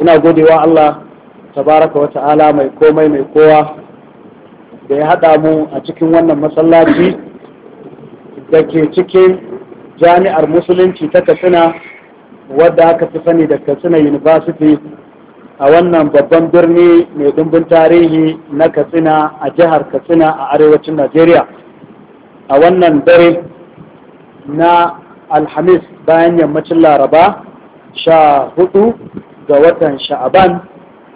ina godewa Allah tabaraka wa ta'ala mai komai mai kowa da ya haɗa mu a cikin wannan masallaci da ke cikin jami'ar musulunci ta katsina wadda aka fi sani da katsina university a wannan babban birni mai dimbin tarihi na katsina a jihar katsina a arewacin najeriya a wannan dare na alhamis bayan yammacin laraba sha hudu ga watan sha'aban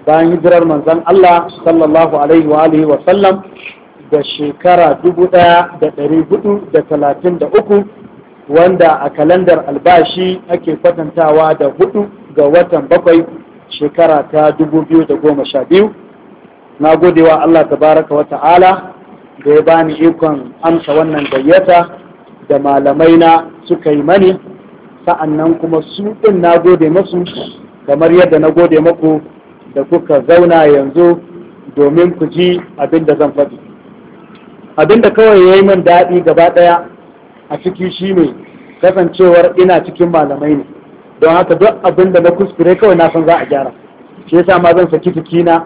bayan hijirar manzon Allah sallallahu alaihi wa alihi wa sallam da shekara 1433 wanda a kalandar albashi ake kwatantawa da hudu ga watan bakwai shekara ta 2012 na godewa Allah tabaraka wa ta'ala da ya bani ikon amsa wannan gayyata da malamai na suka yi mani sa'annan kuma su ɗin na gode masu kamar yadda na gode maku da kuka zauna yanzu domin ku ji abin da zan faɗi abin da kawai ya yi min daɗi gaba ɗaya a ciki shi ne kasancewar ina cikin malamai ne don haka duk abin da na kuskure kawai na san za a gyara shi yasa ma zan saki jikina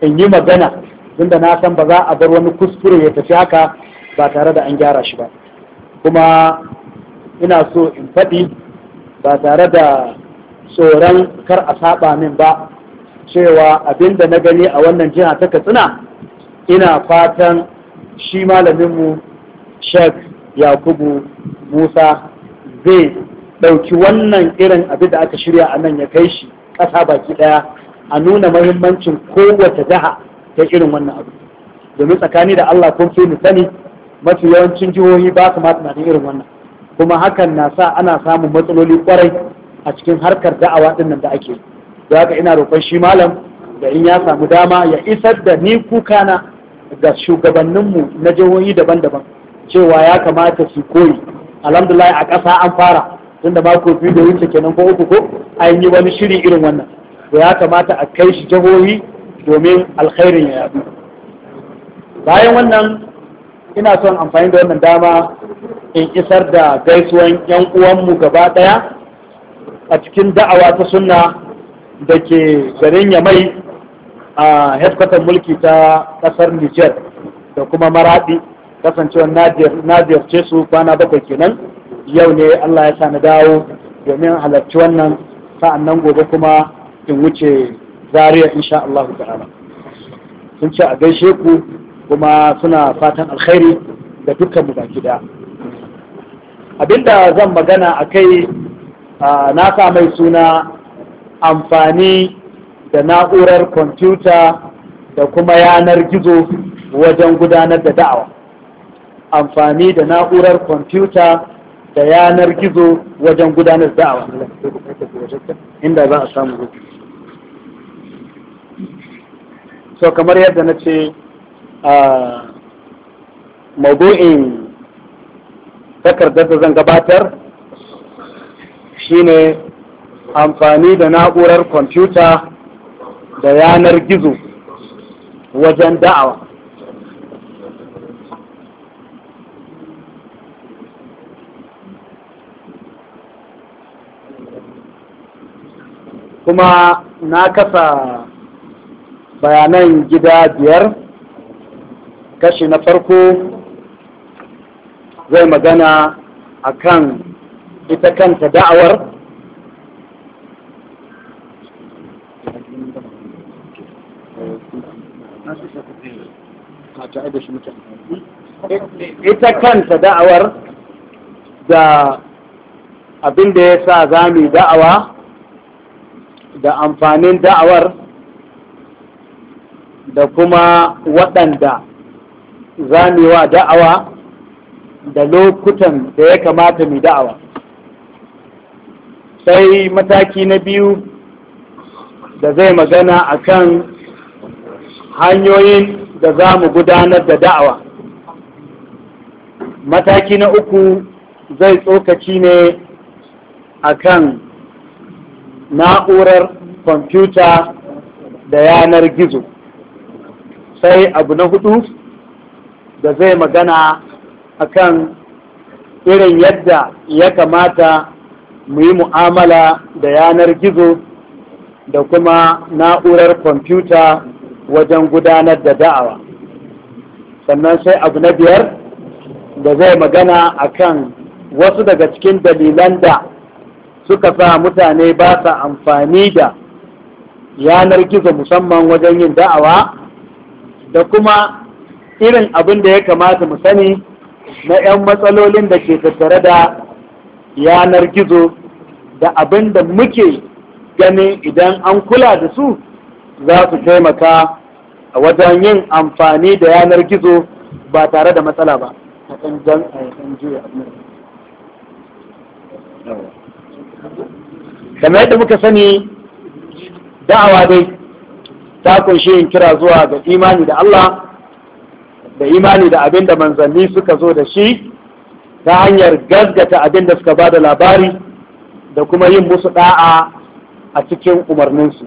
in yi magana tun na san ba za a bar wani kuskure ya tafi haka ba tare da an gyara shi ba kuma ina so in faɗi ba tare da tsoron kar a saba min ba cewa abinda na gani a wannan jiha ta katsina ina fatan shi malaminmu shek yakubu musa zai ɗauki wannan irin abin da aka shirya a nan ya kai shi ƙasa baki ɗaya a nuna mahimmancin kowace jiha ta irin wannan abu domin tsakani da allah kun fi mu sani mafi yawancin jihohi ba su ma tunanin irin wannan kuma hakan na sa ana samun matsaloli kwarai a cikin harkar da'awa din nan da ake da haka ina roƙon shi malam da in ya samu dama ya isar da ni kukana ga shugabanninmu na jihohi daban-daban cewa ya kamata su koyi alhamdulillah a ƙasa an fara tunda mako biyu da wuce kenan ko uku ko an yi wani shiri irin wannan to ya kamata a kai shi jihohi domin alkhairin ya yadu bayan wannan ina son amfani da wannan dama in isar da gaisuwan yan uwanmu gaba ɗaya a cikin da'awa ta sunna da ke garin yamai a hefkatar mulki ta kasar niger da kuma maradi kasancewar nadir ce su kwana bakwai kenan yau ne allah ya sa na dawo domin halarci wannan sa'an nan gobe kuma in wuce zariya insha allahu ta'ala sun ce a gaishe ku kuma suna fatan alkhairi da dukkan mu baki da abinda zan magana a kai na sa mai suna amfani da na'urar kwamfuta da kuma yanar gizo wajen gudanar da da'awa amfani da na'urar kwamfuta da yanar gizo wajen gudanar da da'awa inda za a samu so kamar yadda na ce a mabu'in takardar da zan gabatar shine amfani da na'urar kwamfuta da yanar gizo wajen da'awa kuma na kasa bayanan gida biyar kashi na farko zai magana a akan ita kanta da'awar ita kanta da'awar da abin da ya sa za mu da'awa da amfanin da'awar da kuma waɗanda za mu wa da'awa da lokutan da ya kamata mu da'awa sai mataki na biyu da zai magana akan hanyoyin da za mu gudanar da da'awa mataki na uku zai tsokaci ne akan na'urar kwamfuta da yanar gizo sai abu na hudu da zai magana akan irin yadda ya kamata mu yi mu'amala da yanar gizo da kuma na'urar kwamfuta wajen gudanar da da'awa sannan sai abu na biyar da zai magana akan wasu daga cikin dalilan da suka sa mutane ba sa amfani da yanar gizo musamman wajen yin da'awa da kuma irin abin da ya kamata mu sani na 'yan matsalolin da ke tattare da yanar gizo da abin da muke ganin idan an kula da su za su taimaka a wajen yin amfani da yanar gizo ba tare da matsala ba jan eh, a kamar yadda muka sani da'awa dai ta kunshi yin kira zuwa ga imani da Allah da imani da abin da manzanni suka zo da shi ta hanyar gazgata abin da suka ba da labari da kuma yin musu da'a a cikin umarninsu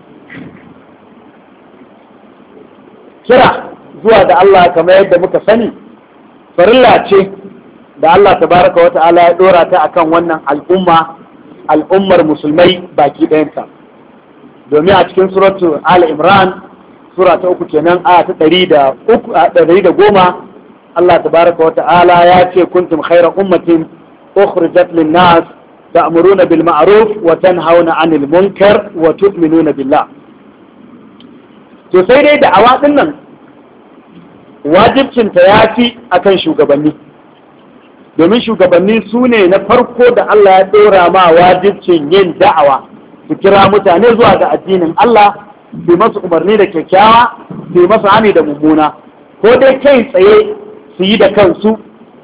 kira zuwa da Allah kamar yadda muka sani farilla ce da Allah tabaraka wa ta'ala ya dora ta akan wannan al'umma al'ummar musulmai baki ɗayanta domin a cikin suratu al imran sura ta uku kenan aya ta ɗari da goma Allah tabaraka wa ta'ala ya ce kuntum khayra ummatin ukhrijat lin nas ta'muruna bil ma'ruf wa tanhauna 'anil munkar wa tu'minuna billah to sai dai da awadin nan wajibcin ta yafi akan shugabanni domin shugabanni su ne na farko da Allah ya dora ma wajibcin yin da'awa su kira mutane zuwa ga addinin Allah su masu umarni da kyakkyawa su masu hani da mummuna ko dai kai tsaye su yi da kansu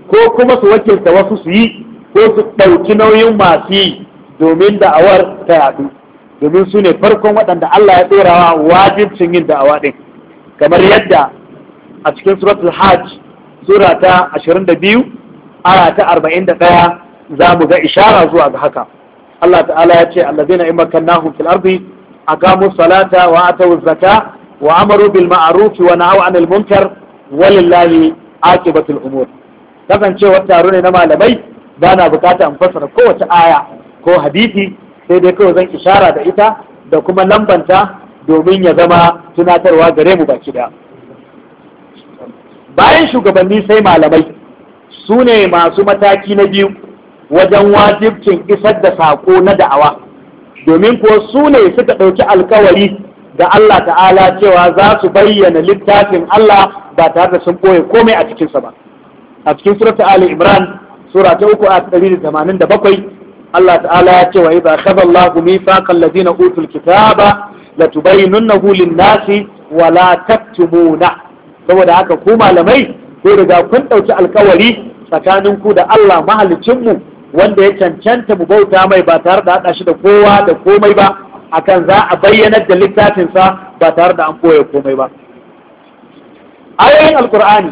ko kuma su wakilta wasu su yi ko su ɗauki nauyin masu yi domin da'awar ta yadu domin su ne farkon waɗanda Allah ya ɗorawa wajibcin yin da'awa ɗin kamar yadda a cikin suratul hajj sura ta 22 ara ta 41 za mu ga ishara zuwa ga haka Allah ta'ala ya ce allazina in makkannahum fil ardi aqamu salata wa atu zakata wa amaru bil ma'ruf wa nahaw anil munkar walillahi akibatul umur kasancewar taro ne na malamai ba na bukata in fassara kowace aya ko hadisi sai dai kawai zan ishara da ita da kuma lambanta domin ya zama tunatarwa gare mu baki da bayan shugabanni sai malamai su ne masu mataki na biyu wajen wajibcin isar da sako na da'awa domin kuwa su ne suka ɗauki alkawari da Allah ta'ala cewa za su bayyana littafin Allah ba tare da sun ɓoye komai a cikinsa ba a cikin surata Ali Imran sura ta uku a ɗari da tamanin da bakwai Allah ta'ala ya ce wa idza khadha Allahu mithaqal ladina utul kitaba latubayyinunnahu lin-nasi wa la taktumuna saboda haka ku malamai ko daga kun ɗauki alkawari tsakanin ku da Allah mahaliccinmu, mu wanda ya cancanta mu bauta mai ba tare da haɗa shi da kowa da komai ba akan za a bayyanar da littafinsa ba tare da an koya komai ba ayoyin alkur'ani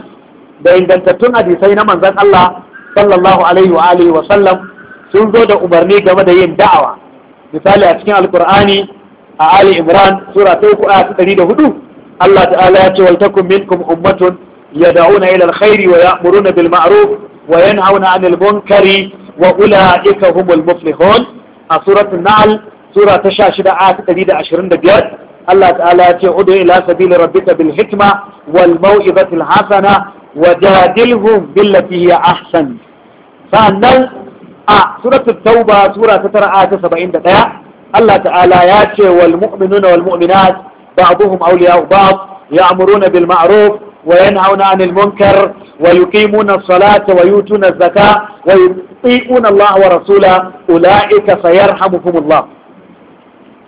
da ingantattun hadisai na manzon Allah sallallahu alaihi wa alihi wa sallam sun zo da umarni game da yin da'awa misali a cikin alkur'ani a ali imran sura ta uku a ɗari da hudu Allah ta'ala ya ce wal takum minkum ummatun yad'una ila alkhairi wa ya'muruna bil ma'ruf wa yanhauna 'anil munkari wa ula'ika humul muflihun a suratul na'al سورة تشاشد آت قديدة عشرين دقيقة الله تعالى يتعودوا إلى سبيل ربك بالحكمة والموئبة الحسنة وجادلهم بالتي هي أحسن فأنا آه سورة التوبة سورة تترى آت آية سبعين دقيقة الله تعالى يأتي والمؤمنون والمؤمنات بعضهم أولياء بعض يأمرون بالمعروف وينهون عن المنكر ويقيمون الصلاة ويؤتون الزكاة ويطيعون الله ورسوله أولئك سيرحمكم الله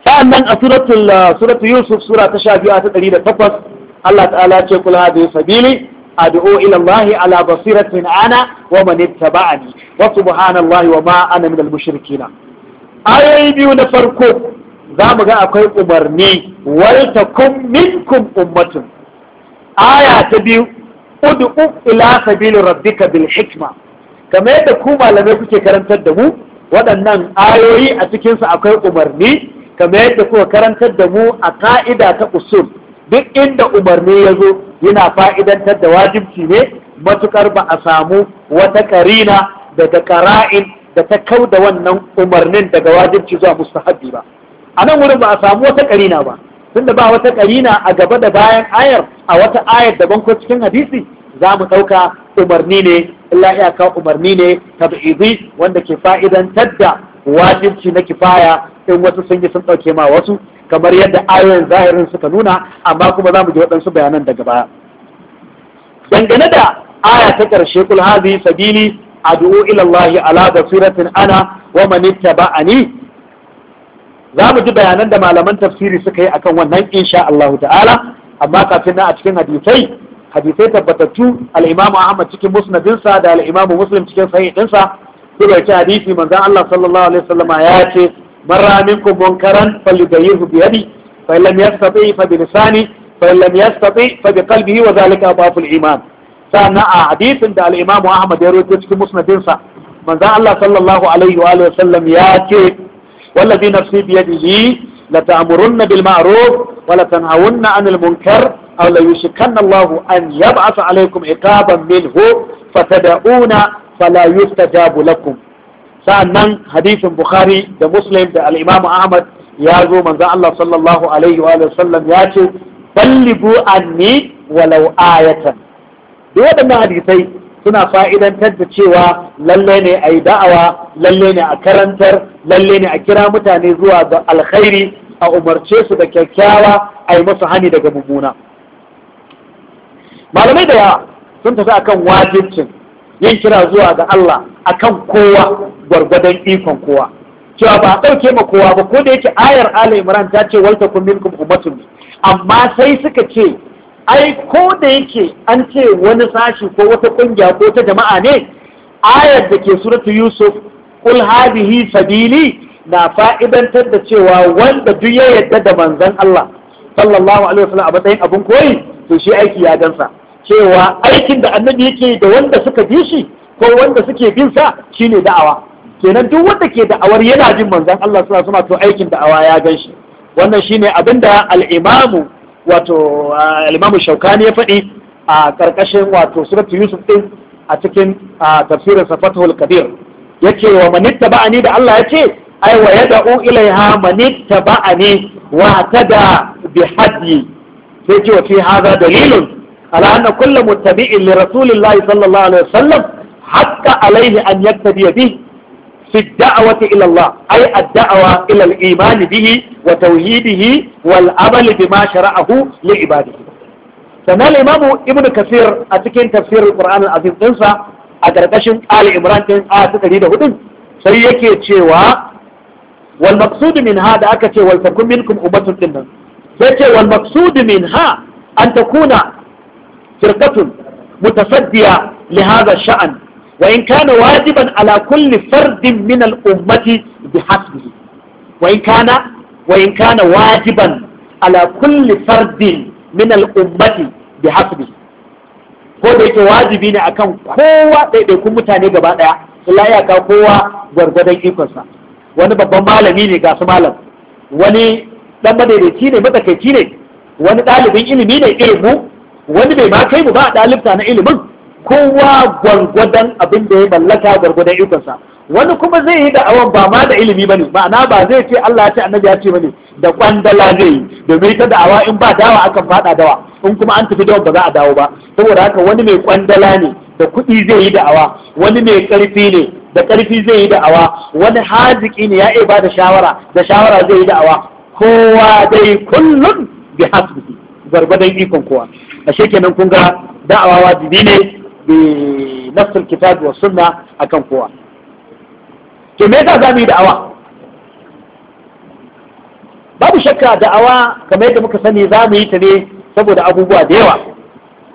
sa'annan a uh, suratul yusuf sura ta 12 ta takwas. Allah ta'ala ce kula da sabili ad'u ila Allah ala basiratin ana wa man ittaba'ani wa subhanallahi wa ma ana minal mushrikeen ayoyi biyu na farko za mu ga akwai umarni wal takum minkum ummatun aya ta biyu ud'u ila sabili rabbika bil hikma kamar yadda ku malamai kuke karantar da mu waɗannan ayoyi a cikinsu akwai umarni kamar yadda kuka karantar da mu a ka'ida ta usul duk inda umarni ya zo yana fa'idantar da wajibci ne matukar ba a samu wata karina daga kara'in da ta kau da wannan umarnin daga wajibci zuwa mustahabbi ba a nan wurin ba a samu wata karina ba tunda ba wata karina a gaba da bayan ayar a wata ayar daban ko cikin hadisi za mu ɗauka umarni ne illa iyaka umarni ne tabi'izi wanda ke fa'idantar da wajibci na kifaya in wasu sun yi sun ɗauke ma wasu kamar yadda ayoyin zahirin suka nuna amma kuma za mu ji waɗansu bayanan daga baya dangane da aya ta ƙarshe kul hazi sabili ad'u ilallahi ala basiratin ana wa man ittaba'ani za mu ji bayanan da malaman tafsiri suka yi akan wannan insha Allah ta'ala amma kafin na a cikin hadisai hadisai tabbatattu al imamu Ahmad cikin musnadinsa da al imamu Muslim cikin sahih dinsa duk da hadisi manzon Allah sallallahu alaihi wasallama ya ce من رأى منكم منكرا فليبيره بيدي فإن لم يستطع فبلساني فإن لم يستطع فبقلبه وذلك أضعف الإيمان سأنا آه، حديث عند الإمام أحمد يروي كتك مسندنسا من ذا الله صلى الله عليه وآله وسلم ياتي والذي نفسي بيده لتأمرن بالمعروف ولتنهون عن المنكر أو لا ليشكن الله أن يبعث عليكم عقابا منه فتدعون فلا يستجاب لكم sa'annan hadisin bukhari da muslim da al ahmad ya zo manzo Allah sallallahu alaihi wa sallam ya ce ballibu anni walau ayatan duk waɗannan hadisai suna fa'idantar da cewa lalle ne a yi da'awa lalle ne a karantar lalle ne a kira mutane zuwa ga alkhairi a umarce su da kyakkyawa a yi musu hani daga mummuna malamai da yawa sun tafi akan wajibcin yin kira zuwa ga Allah akan kowa gwargwadon ikon kowa cewa ba a ɗauke ma kowa ba ko da yake ayar ala imran ta ce walta kun minkum ummatun amma sai suka ce ai ko da yake an ce wani sashi ko wata kungiya ko ta jama'a ne ayar da ke suratu yusuf kul hadihi sabili na fa'idantar da cewa wanda duk ya yadda da manzon Allah sallallahu alaihi wasallam a matsayin abin koyi to shi aiki ya gansa cewa aikin da annabi yake da wanda suka bi shi ko wanda suke bin sa shine da'awa kenan duk wanda ke da'awar yana bin manzon Allah sallallahu alaihi to aikin da'awa ya gan shi wannan shine abinda al-imamu wato ah, al-imamu Shawkani ya faɗi a karkashin wato suratul Yusuf din a cikin ah, tafsirin Safatul Kabir Yake wa manitta ba'ani da Allah yake ai wa yad'u ilaiha manitta ba'ani wa tada bi hadyi sai ce wa fi hadha dalilun ala anna kullu muttabi'in li rasulillahi sallallahu alaihi wasallam hatta alaihi an yaktabi bihi في الدعوة إلى الله أي الدعوة إلى الإيمان به وتوحيده والعمل بما شرعه لعباده سنة الإمام ابن كثير أتكين تفسير القرآن العظيم تنسى أدركشن آل إمران تنسى آتتريد هدن سيكي تشيوا والمقصود من هذا أكتي ولتكن منكم أمة تنن سيكي والمقصود منها أن تكون فرقة متصدية لهذا الشأن وإن كان واجبا على كل فرد من الأمة بحسبه وإن كان وإن كان واجبا على كل فرد من الأمة بحسبه ko da yake wajibi ne akan kowa ɗaiɗaikun mutane gaba ɗaya Allah ya kowa gwargwadon ikonsa wani babban malami ne gasu malam wani dan madaidaici ne matsakaici ne wani ɗalibin ilimi ne irin mu wani bai ma kai mu ba a ɗalibta na ilimin kowa gwargwadon abin da ya mallaka gwargwadon ikonsa wani kuma zai yi da'awan ba ma da ilimi bane ma'ana ba zai ce Allah ya ce annabi ya ce bane da kwandala zai yi domin ita da'awa in ba dawa akan fada dawa in kuma an tafi dawa ba za a dawo ba saboda haka wani mai kwandala ne da kuɗi zai yi da'awa wani mai ƙarfi ne da ƙarfi zai yi da'awa wani haziki ne ya iya ba da shawara da shawara zai yi da'awa kowa dai kullum bi hasbihi gwargwadon ikon kowa ashe kenan kun ga da'awa wajibi ne bi nafsul kitab wa sunna akan kowa to me yasa zamu yi da'awa babu shakka da'awa kamar yadda muka sani za mu yi ta ne saboda abubuwa da yawa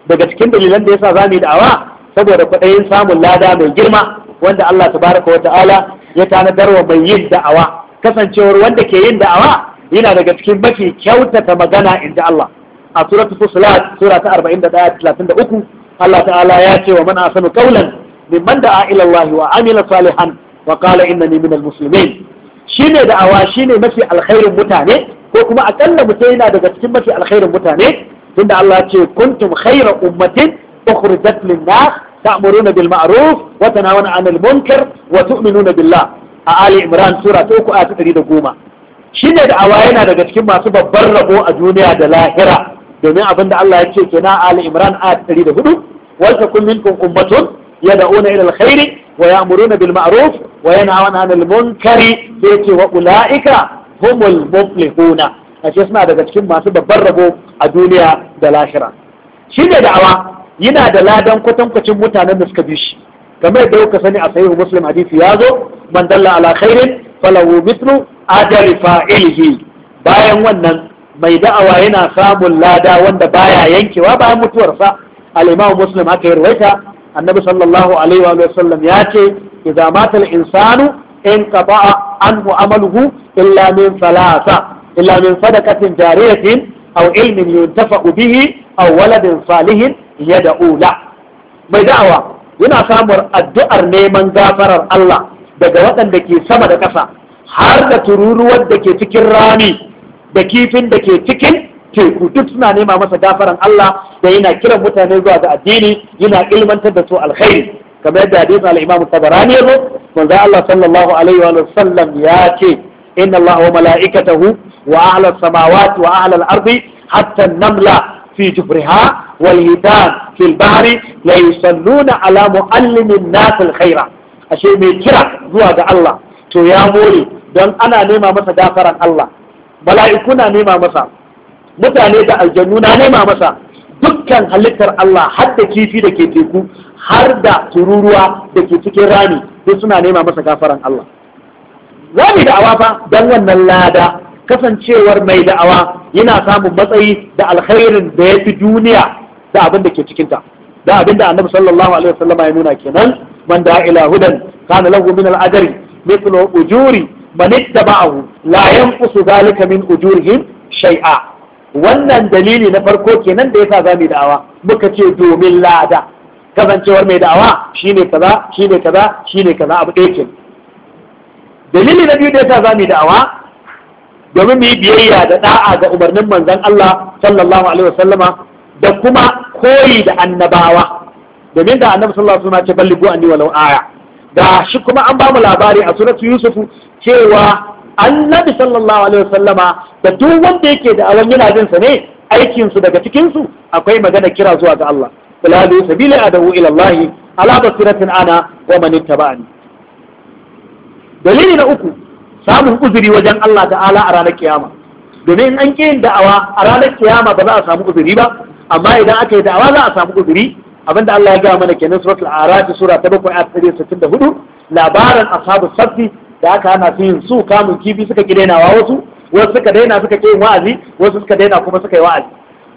daga cikin dalilan da yasa zamu yi da'awa saboda kwaɗayin samun lada mai girma wanda Allah tabaraka wa ta'ala ya tanadar wa mai yin da'awa kasancewar wanda ke yin da'awa yana daga cikin mafi kyautata magana inda Allah a suratu fusilat sura ta 41-33 Allah ta'ala ya ce wa man asanu qawlan mimman da'a ila Allah wa amila salihan wa qala innani minal muslimin shine da'awa shine mafi alkhairin mutane ko kuma akalla mutum yana daga cikin mafi alkhairin mutane tunda Allah ce kuntum khayra ummatin ukhrijat lin-nas ta'muruna bil ma'ruf wa tanawuna 'anil munkar wa tu'minuna billah a Ali Imran sura ta 3 ayat 110 shine da'awa yana daga cikin masu babbar rabo a duniya da lahira domin abinda Allah ya ce kenan Ali Imran ayat 104 wal takum minkum ummatun yad'una ila alkhairi wa ya'muruna bil ma'ruf wa yanhauna 'anil munkari sai yace wa ulaika humul muflihuna ashe suna daga cikin masu babban rabo a duniya da lahira shi ne da'awa yana da ladan kwatankwacin mutanen da suka bi shi kamar da kuka sani a sahihu muslim hadisi ya zo man dalla ala khairin falahu mithlu ajri fa'ilihi bayan wannan mai da'awa yana samun lada wanda baya yankewa bayan mutuwarsa al-imamu muslim haka ya rawaita annabi sallallahu alaihi wa sallam ya ce idza mata insanu in qata'a anhu amaluhu illa min thalatha illa min sadaqatin jariyatin aw ilmin yuntafa'u bihi aw waladin salihin yad'u la mai da'awa yana samun addu'ar neman gafarar Allah daga waɗanda ke sama da ƙasa har da tururuwar da ke cikin rami da kifin da ke cikin teku duk suna nema masa gafaran Allah da yana kiran mutane zuwa ga addini yana ilmantar da su alkhairi kamar yadda hadisi al-Imam Tabarani ya zo manzo Allah sallallahu alaihi wa sallam ya ce inna Allah wa mala'ikatahu wa ahla samawati wa ahla al-ardi hatta namla في جبرها والهدان في البحر لا يصلون على معلم ashe mai kira zuwa ga Allah to ya more don ana nema masa gafaran Allah mala'iku na nema masa mutane da aljannu na nema masa dukkan halittar Allah har da kifi da ke teku har da tururuwa da ke cikin rami duk suna nema masa gafaran Allah rami da'awa fa don wannan lada kasancewar mai da'awa yana samun matsayi da alkhairin da ya fi duniya da abin da ke cikinta da abin da annabi sallallahu alaihi ya nuna kenan man da ila hudan kana lahu min al-ajri mithlu ujuri man ittaba'ahu la yanqusu zalika min ujurihim shay'a wannan dalili na farko kenan da yasa zamu da'awa muka ce domin lada kasancewar mai da'awa shine kaza shine kaza shine kaza abu ɗaya ke. dalili na biyu da yasa zamu da'awa domin mu yi biyayya da da'a ga umarnin manzon Allah sallallahu alaihi wasallama da kuma koyi da annabawa domin da annabi sallallahu alaihi wasallam ce ballighu anni walau aya da shi kuma an bamu labari a suratu yusuf cewa annabi sallallahu alaihi wasallama da duk wanda yake da awan yana jin sa ne aikinsu daga cikin su akwai magana kira zuwa ga Allah qulalu sabila adawu ila Allah ala basiratin ana wa man ittaba'ani dalili na uku samun uzuri wajen Allah ta'ala a ranar kiyama domin an ƙi yin da'awa a ranar kiyama ba za a samu uzuri ba amma idan aka yi da'awa za a samu uzuri abinda Allah ya gaya mana kenan suratul araf sura ta 7 ayat hudu labaran ashabu safi da aka ana su yin su kamun kifi suka ki dainawa wasu wasu suka daina suka ke wa'azi wasu suka daina kuma suka yi wa'azi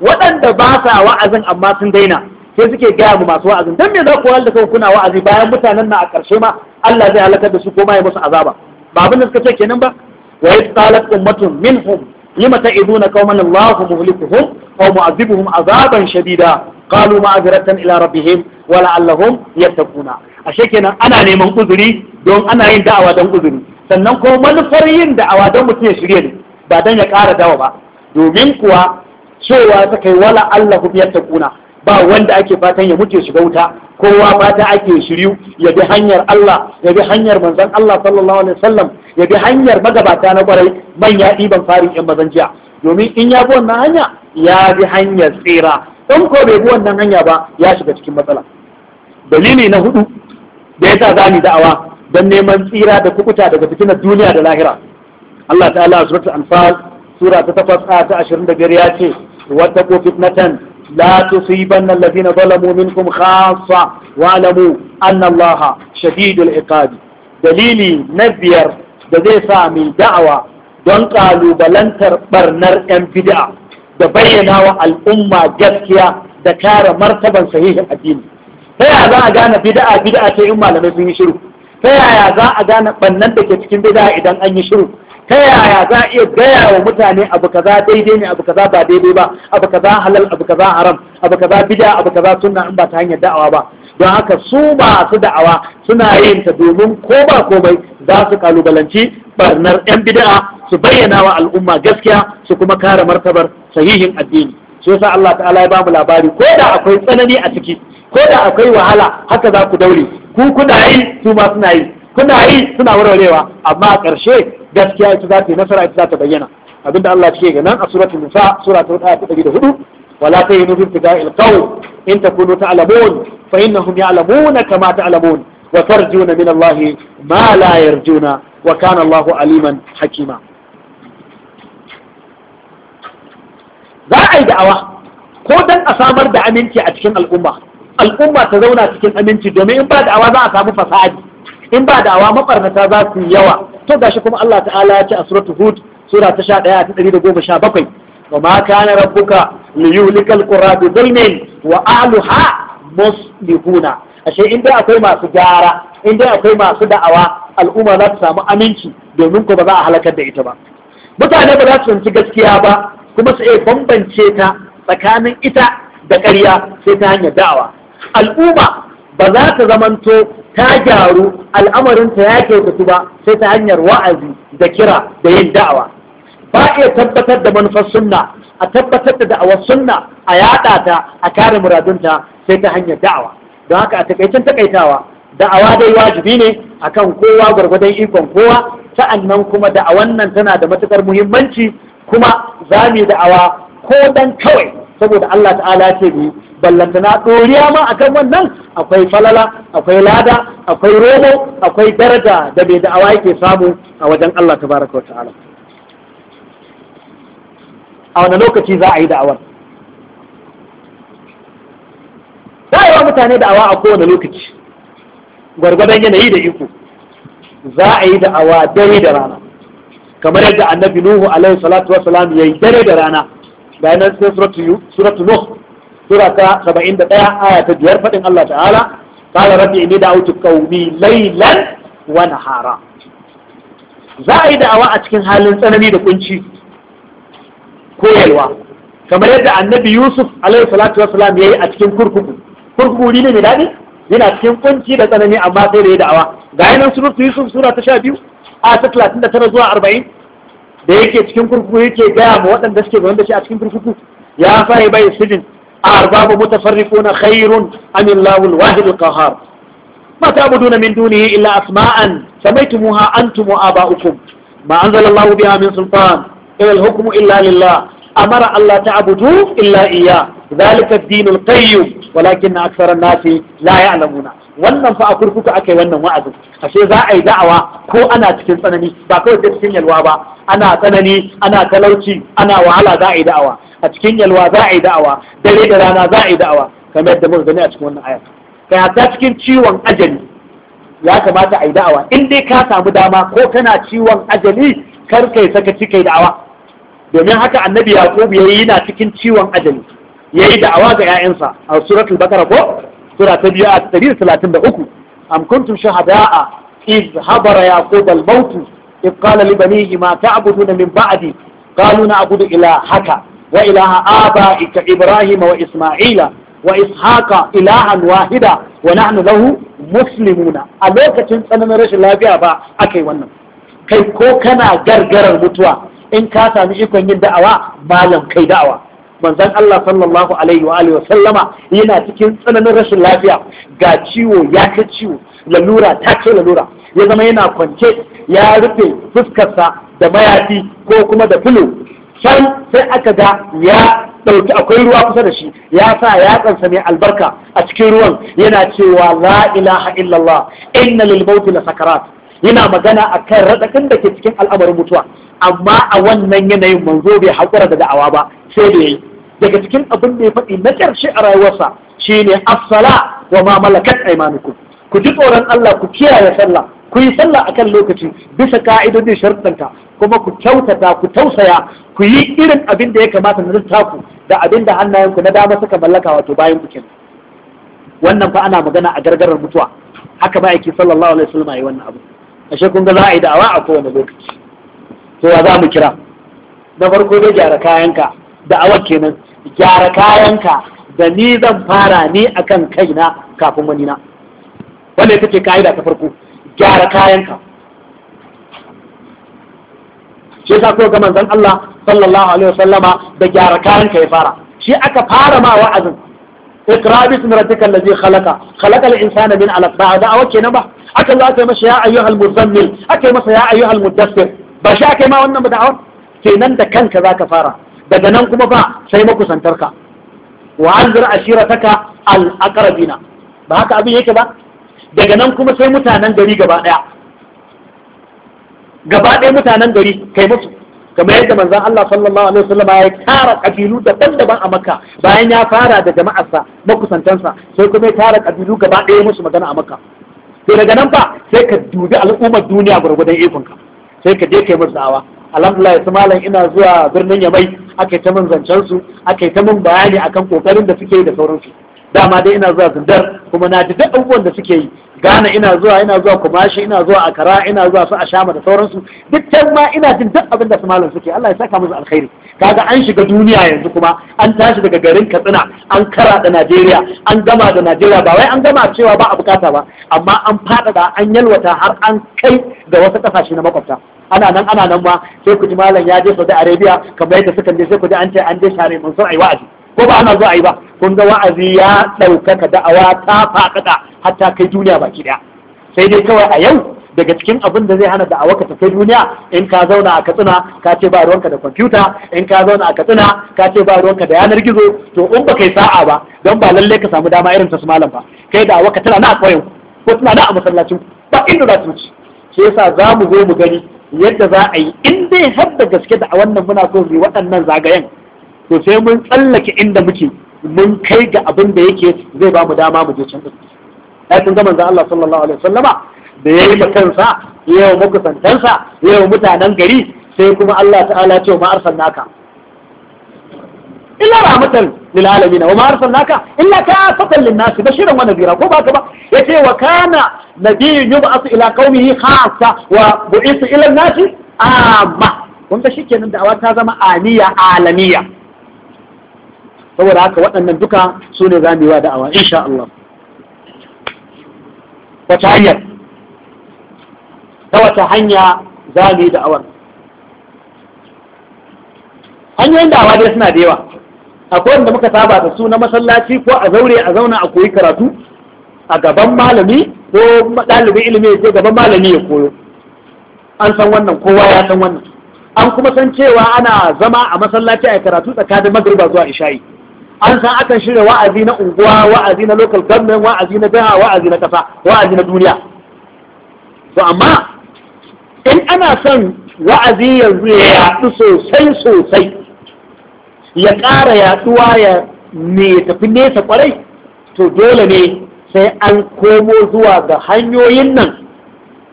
waɗanda ba sa wa'azin amma sun daina sai suke gaya mu masu wa'azin dan me za ku wanda kai kuna wa'azi bayan mutanen na a ƙarshe ma Allah zai halakar da su ko ma ya musu azaba ba abin da suka ce kenan ba wa yasalat ummatun minhum لما تعدون قوما الله مهلكهم أو معذبهم عذابا شديدا قالوا معذرة إلى ربهم ولعلهم يتقون أشكنا أنا نيمان أذري دون أنا ين دعوة دون أذري sannan kuma manufar yin da'awa don mutum ya shirye ne ba don ya ƙara dawa ba domin kuwa cewa ta kai wala Allah ya taƙuna ba wanda ake fatan ya mutu ya shiga wuta kowa fata ake shiryu ya bi hanyar Allah ya bi hanyar manzon Allah sallallahu alaihi wasallam ya bi hanyar magabata na kwarai manya ban farin yan mazan jiya domin in ya bi wannan hanya ya bi hanyar tsira in ko bai bi wannan hanya ba ya shiga cikin matsala dalili na hudu da yasa zani da'awa don neman tsira da kukuta daga fitinar duniya da lahira Allah ta'ala suratul anfal sura ta 8 ta 25 ya ce wata ko fitnatan لا تصيبن الذين ظلموا منكم خاصة واعلموا أن الله شديد العقاب دليلي نبير دزي سامي da'awa don ƙalubalantar ɓarnar 'yan bida'a da bayyana al'umma gaskiya da kare martaban sahihin addini ta yaya za a gane bida'a bid'a ce in malamai sun yi shiru ta yaya za a gane ɓannan da ke cikin bid'a idan an yi shiru ta yaya za a iya gaya wa mutane abu kaza daidai ne abu kaza ba daidai ba abu kaza halal abu kaza haram abu kaza bid'a abu kaza sunna in ba ta hanyar da'awa ba don haka su masu da'awa suna yin ta domin ko ba komai za su kalubalanci barnar yan bid'a su bayyana wa al'umma gaskiya su kuma kare martabar sahihin addini shi yasa Allah ta'ala ya bamu labari ko da akwai tsanani a ciki ko da akwai wahala haka za ku daure ku kuna yi su ma suna yi kuna yi suna warwarewa amma a ƙarshe gaskiya ita za ta yi nasara ita za ta bayyana abinda Allah ce ga nan a suratul nisa sura ta 104 wala tayinu fi ibtida'il qawl in takunu ta'lamun fa innahum ya'lamuna ta ta'lamun wa tarjuna min Allah ma la yarjuna wa kana Allah aliman hakima za a yi da'awa ko dan a samar da aminci a cikin al'umma al'umma ta zauna cikin aminci domin in ba da'awa za a samu fasadi in ba da'awa mabarnata za su yi yawa to gashi kuma Allah ta'ala ya ce a suratul hud sura ta 11 ta 117 wa ma kana rabbuka liyulikal qura bi dhulmin wa ahluha muslihuna ashe in dai akwai masu gyara in dai akwai masu da'awa al'umma za ta samu aminci domin ko ba za a halakar da ita ba mutane ba za su tsanci gaskiya ba kuma su iya bambance ta tsakanin ita da ƙarya sai ta hanyar da'awa al'umma ba za ta zamanto ta gyaru al'amarinta ya kyautatu ba sai ta hanyar wa'azi da kira da yin da'awa ba iya tabbatar da manufar sunna a tabbatar da da'awar sunna a yaɗa ta a kare muradunta sai ta hanyar da'awa don haka a takaicin takaitawa da'awa dai wajibi ne akan kowa gwargwadon ikon kowa sa'annan kuma da'awan nan tana da matukar muhimmanci kuma za mu yi da'awa ko dan kawai saboda Allah ta'ala ce bi na doriya ma akan wannan akwai falala akwai lada akwai robo akwai daraja da bai da'awa yake samu a wajen Allah tabaraka wa ta'ala a wani lokaci za a yi da'awar za a yi wa mutane da'awa a kowane lokaci gwargwadon yanayi da iko za a yi da'awa dare da rana kamar yadda annabi nuhu alaihi salatu wasalam ya yi dare da rana ga nan sai suratu suratu nuh sura ta 71 aya ta biyar fadin Allah ta'ala qala rabbi inni da'utu qaumi laylan wa nahara za a yi da'awa a cikin halin tsanani da kunci koyarwa kamar yadda annabi yusuf alaihi salatu wassalam yayi a cikin kurkuku kurkuku ne mai daɗi yana cikin kunci da tsanani amma sai da ya da'awa ga yanan suratu yusuf sura ta 12 a ta 39 zuwa 40 da yake cikin kurkuku yake gaya wa waɗanda suke zaune da shi a cikin kurkuku ya fahi bai sujin arbabu mutafarriquna khairun am illahu alwahid alqahar ma ta'buduna min dunihi illa asma'an samaitumuha antum wa aba'ukum ma anzala Allahu biha min sultan ila alhukmu illa lillah amara Allah ta abudu illa iyyah dhalika kayyu, din alqayyim walakin akthara an-nasi la ya'lamuna wannan fa a kurkuku aka yi wannan wa'azin ashe za a yi da'awa ko ana cikin tsanani ba kawai sai cikin yalwa ba ana tsanani ana talauci ana wahala za a yi da'awa a cikin yalwa za a yi da'awa dare da rana za a yi da'awa kamar yadda muka gani a cikin wannan ayat kai cikin ciwon ajali ya kamata a yi da'awa in dai ka samu dama ko kana ciwon ajali kar kai sakaci kai da'awa domin haka annabi yaqub yayi yana cikin ciwon ajali yayi da'awa ga 'ya'yansa a suratul bakara ko sura ta biyu a 133 am kuntum shahada'a iz habara yaqub al-maut iz qala li banihi ma ta'buduna min ba'di qalu na'budu ilahaka wa ilaha aba'ika ibrahima wa isma'ila wa ishaqa ilahan wahida wa nahnu lahu muslimuna a lokacin tsananin rashin lafiya ba akai wannan kai ko kana gargarar mutuwa in ka sami ikon yin da'awa malam kai da'awa manzon Allah sallallahu alaihi wa alihi sallama yana cikin tsananin rashin lafiya ga ciwo ya ta ciwo lalura ta ce lalura ya zama yana kwance ya rufe fuskarsa da mayafi ko kuma da filo can sai aka ga ya ɗauki akwai ruwa kusa da shi ya sa yatsansa mai albarka a cikin ruwan yana cewa la ilaha illallah inna lil mauti sakarat yana magana akan raɗaɗin da ke cikin al'amarin mutuwa amma a wannan yanayin manzo bai haƙura da da'awa ba sai da yayi daga cikin abin da ya faɗi na ƙarshe a rayuwarsa shine as-sala wa ma malakat aymanukum ku ji tsoron Allah ku kiyaye sallah ku yi sallah akan lokaci bisa ka'idodin sharɗanta kuma ku kyautata ku tausaya ku yi irin abin da ya kamata na littafu da abin da hannayenku na dama suka mallaka wato bayan bukin wannan fa ana magana a gargarar mutuwa haka ba yake sallallahu alaihi wasallam yi wannan abu ashe kun ga za a yi da'awa a kowane lokaci to wa za mu kira na farko zai gyara kayanka da'awar kenan gyara kayanka da ni zan fara ni akan kaina kafin wani na wanda ita ce ka'ida ta farko gyara kayanka shi yasa ko ga zan Allah sallallahu alaihi wasallama da gyara kayanka ya fara shi aka fara ma wa'azin اقرأ باسم ربك الذي خلق خلق الإنسان من علق بعد أو كنبه أكل الله أكي مشي يا أيها المزمل أكي مشي يا أيها المدثر بشاكي ما وانا بدعوة كنان دا كان كذا fara. daga nan kuma ba sai makusantarka wa anzir ashirataka al aqrabina ba haka abin yake ba daga nan kuma sai mutanen gari gaba daya gaba daya mutanen gari kai musu kamar yadda manzon Allah sallallahu alaihi wasallam ya tara kabilu daban-daban a Makka bayan ya fara da jama'arsa makusantansa sai kuma ya tara kabilu gaba daya musu magana a Makka to daga nan fa sai ka dubi al'ummar duniya gurgudan ka. sai ka je kai musu da'awa alhamdulillah yasu malam ina zuwa birnin yamai aka yi ta min zancen su aka yi ta min bayani akan kokarin da suke da sauransu dama dai ina zuwa zindar kuma na ji duk abubuwan da suke yi gana ina zuwa ina zuwa kumashi ina zuwa akara ina zuwa su ashama da sauransu duk can ma ina jin duk abin da su malam suke Allah ya saka musu alkhairi kaga an shiga duniya yanzu kuma an tashi daga garin Katsina an kara da Najeriya an gama da Najeriya ba wai an gama cewa ba a bukata ba amma an faɗaɗa an yalwata har an kai ga wasu kasashe na makwabta ana nan ana nan ma sai ku ji malam ya je Saudi Arabia kamar yadda suka je sai ku ji an ce an je share mun sun ai wa'azi ko ba ana zuwa yi ba kun ga wa'azi ya ɗaukaka da'awa ta faɗaɗa hatta kai duniya baki ɗaya sai dai kawai a yau daga cikin abin da zai hana da'awa ka tafi duniya in ka zauna a katsina ka ce ba ruwanka da kwamfuta in ka zauna a katsina ka ce ba ruwanka da yanar gizo to in ba kai sa'a ba don ba lalle ka samu dama irin ta su malam ba kai da'awa ka tana na a kwayo ko tana na a masallacin ba inda za ta ci shi yasa za mu zo mu gani yadda za a yi in dai har da gaske da a wannan muna so mu waɗannan zagayen to sai mun tsallake inda muke mun kai ga abin da yake zai ba mu dama mu je can din ai kun ga manzon Allah sallallahu alaihi wasallama da yayi ma kansa yayi wa makusantansa yayi wa mutanen gari sai kuma Allah ta'ala ce ma arsalnaka illa rahmatan lil alamin wa ma arsalnaka illa kafatan lin nas bashiran wa nadira ko baka ba yace wa kana nabiyyun yub'athu ila qaumihi khassa wa bu'ithu ila an-nas amma kun ga shikenan da'awa ta zama aniya alamiya saboda haka waɗannan duka su ne za mu yi wa da'awa insha Allah wata hanyar ta wata hanya za mu yi da'awar hanyoyin da'awa dai suna da yawa akwai wanda muka saba da su na masallaci ko a zaure a zauna a koyi karatu a gaban malami ko ɗalibin ilimi ya je gaban malami ya koyo an san wannan kowa ya san wannan an kuma san cewa ana zama a masallaci a karatu tsakanin magriba zuwa isha'i an san akan shirya wa'azi na unguwa wa'azi na local government wa'azi na jiha wa'azi na kasa wa'azi na duniya to amma in ana son wa'azi yanzu ya yaɗu sosai sosai ya ƙara yaɗuwa ya ne tafi nesa kwarai to dole ne sai an komo zuwa ga hanyoyin nan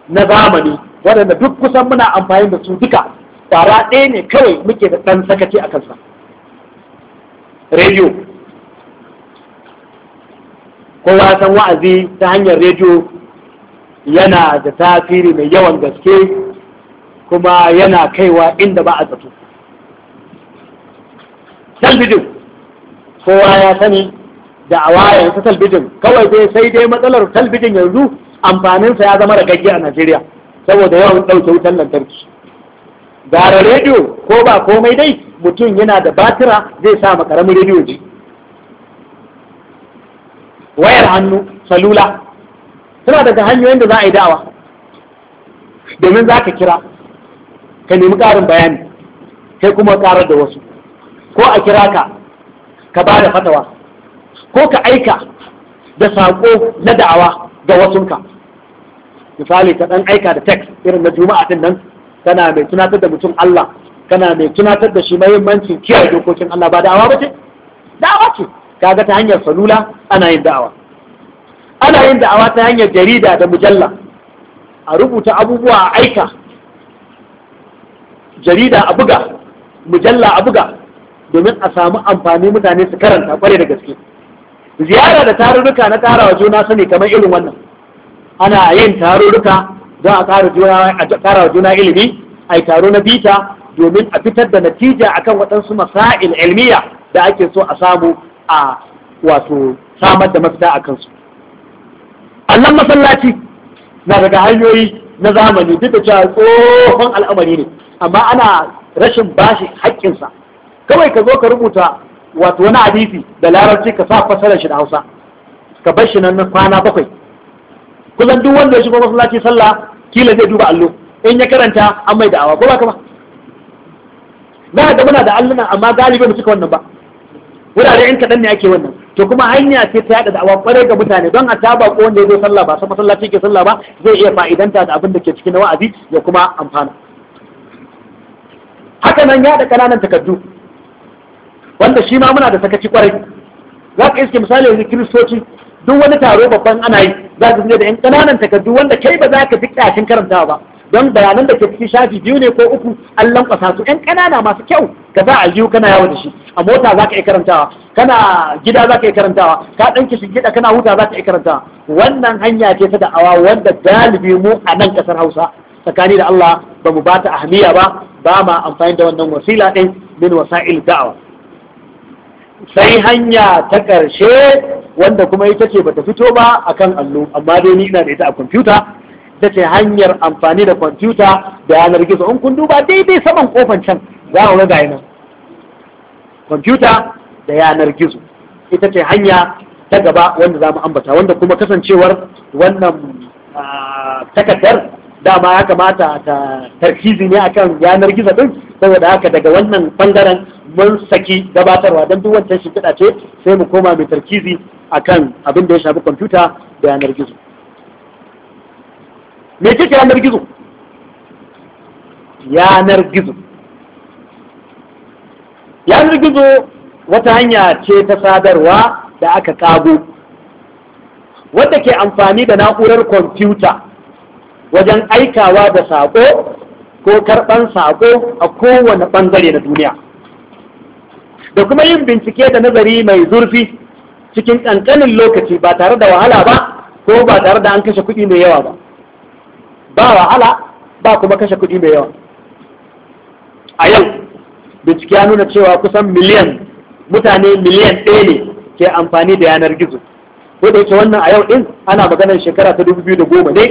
na zamani waɗanda duk kusan muna amfani da su duka tara ɗaya ne kawai muke da ɗan sakaci a kansa rediyo kowa san wa'azi ta hanyar rediyo yana da tasiri mai yawan gaske kuma yana kaiwa inda ba a zato talbijin kowa ya sani da a awa ta talbijin kawai zai sai dai matsalar talbijin yanzu amfaninsa ya zama ragagge a najeriya saboda yawan ɗauke wutan lantarki gara rediyo ko ba komai dai mutum yana da batira zai sa ma karamin rediyo ji wayar hannu salula suna daga hanyoyin da za a yi dawa domin za ka kira ka nemi ƙarin bayani sai kuma ƙarar da wasu ko a kira ka ka ba da fatawa ko ka aika da saƙo na da'awa ga wasunka misali ka ɗan aika da text irin na juma'a din nan tana mai tunatar da mutum Allah kana mai tunatar da shi mahimmancin kiyaye dokokin Allah ba da'awa ba ce da'awa ce kaga ta hanyar salula ana yin da'awa ana yin da'awa ta hanyar jarida da mujalla a rubuta abubuwa a aika jarida a buga mujalla a buga domin a samu amfani mutane su karanta kware da gaske ziyara da tarurruka na tarawa juna sani kamar irin wannan ana yin tarurruka za a tarawa juna ilimi a yi taro na bita domin a fitar da natija akan waɗansu masa'il ilmiya da ake so a samu a wato samar da mafita a kansu allon masallaci na daga hanyoyi na zamani duk da cewa tsohon al'amari ne amma ana rashin bashi haƙƙinsa kawai ka zo ka rubuta wato wani hadisi da larabci ka sa fasarar shi da hausa ka bar shi nan na kwana bakwai kusan duk wanda ya shigo masallaci sallah kila zai duba allo in ya karanta an mai da'awa ko ba ka ba ba da muna da alluna amma galibi ba suka wannan ba wurare yan kaɗan ne ake wannan to kuma hanya ce ta yada awa kware ga mutane don a ta ko wanda ya zo sallah ba san masallaci ke sallah ba zai iya fa'idanta da abin da ke cikin wa'azi ya kuma amfana haka nan ya da kananan takardu wanda shi ma muna da sakaci kwarai za ka iske misali yanzu kiristoci duk wani taro babban ana yi za ka da yan kananan takardu wanda kai ba za ka fi kashin karanta ba don bayanan da ke cikin shafi biyu ne ko uku an lankwasa su ƴan ƙanana masu kyau ka za a yiwu kana yawo da shi a mota za ka iya karantawa kana gida za ka iya karantawa ka ɗan kishin gida kana huta za ka iya karantawa wannan hanya ce ta da'awa wanda galibi mu a nan ƙasar hausa tsakani da Allah ba mu a ta ahmiya ba ba ma amfani da wannan wasila ɗin min wasa'il da'awa sai hanya ta ƙarshe wanda kuma ita ce bata fito ba akan allo amma dai ni ina da ita a kwamfuta ta ce hanyar amfani da kwamfuta da yanar gizo in kun duba daidai saman kofan can za a ga nan kwamfuta da yanar gizo ita ce hanya ta gaba wanda za mu ambata wanda kuma kasancewar wannan takardar dama ya kamata ta tarkizi ne akan yanar gizo din saboda haka daga wannan bangaren mun saki gabatarwa don duk wancan shi ce sai mu koma mai tarkizi akan abin da ya shafi kwamfuta da yanar gizo me ce yanar gizo yanar gizo yanar gizo wata hanya ce ta sadarwa da aka kago wadda ke amfani da na'urar kwamfuta wajen aikawa da saƙo ko karɓan saƙo a kowane ɓangare na duniya da kuma yin bincike da nazari mai zurfi cikin ƙanƙanin lokaci ba tare da wahala ba ko ba tare da an kashe kuɗi mai yawa ba ba wahala ba kuma kashe kuɗi mai yawa a yau bincike ya nuna cewa kusan miliyan mutane miliyan ɗaya ne ke amfani da yanar gizo ko da yake wannan a yau ɗin ana maganar shekara ta dubu biyu da goma ne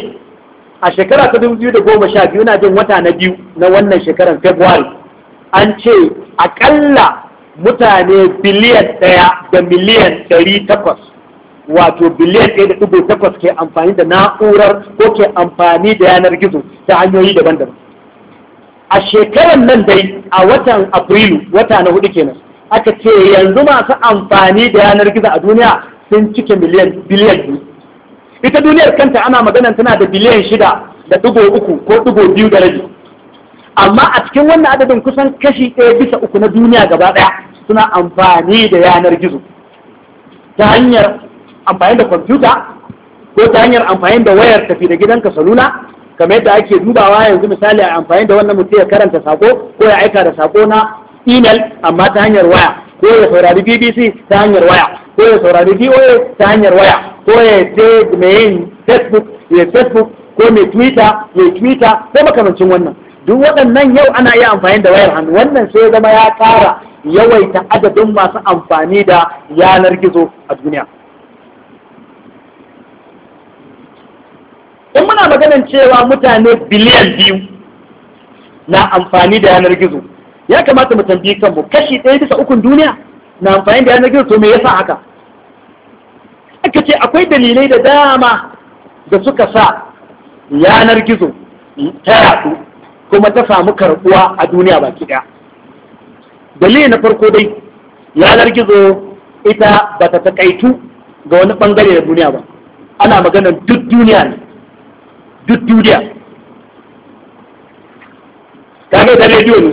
a shekara ta dubu biyu da goma sha biyu na jin wata na biyu na wannan shekarar february an ce akalla mutane biliyan ɗaya da miliyan ɗari takwas wato biliyan ɗaya da ɗigo takwas ke amfani da na'urar ko ke amfani da yanar gizo ta hanyoyi daban-daban a shekarar nan dai a watan afrilu wata na hudu kenan aka ce yanzu masu amfani da yanar gizo a duniya sun cike miliyan biliyan biyu ita duniyar kanta ana magana tana da biliyan shida da ɗigo uku ko ɗigo biyu da rabi amma a cikin wannan adadin kusan kashi ɗaya bisa uku na duniya gaba ɗaya suna amfani da yanar gizo ta hanyar amfani da kwamfuta ko ta hanyar amfani da wayar tafi da gidanka salula kamar yadda ake dubawa yanzu misali a amfani da wannan mutum ya karanta sako ko ya aika da sako na email amma ta hanyar waya ko ya saurari bbc ta hanyar waya ko ya saurari voa ta hanyar waya ko ya je facebook ya facebook ko mai twitter ya twitter ko makamancin wannan duk waɗannan yau ana iya amfani da wayar hannu wannan sai zama ya ƙara yawaita adadin masu amfani da yanar gizo a duniya in muna maganan cewa mutane biliyan biyu na amfani da yanar gizo ya kamata mu tambayi kanmu kashi ɗaya bisa ukun duniya na amfani da yanar gizo to me yasa haka aka ce akwai dalilai da dama da suka sa yanar gizo ta yaɗu kuma ta samu karɓuwa a duniya baki ɗaya dalili na farko dai yanar gizo ita ba ta taƙaitu ga wani ɓangare da duniya ba ana maganar duk duniya ne duk duniya kaga da rediyo ne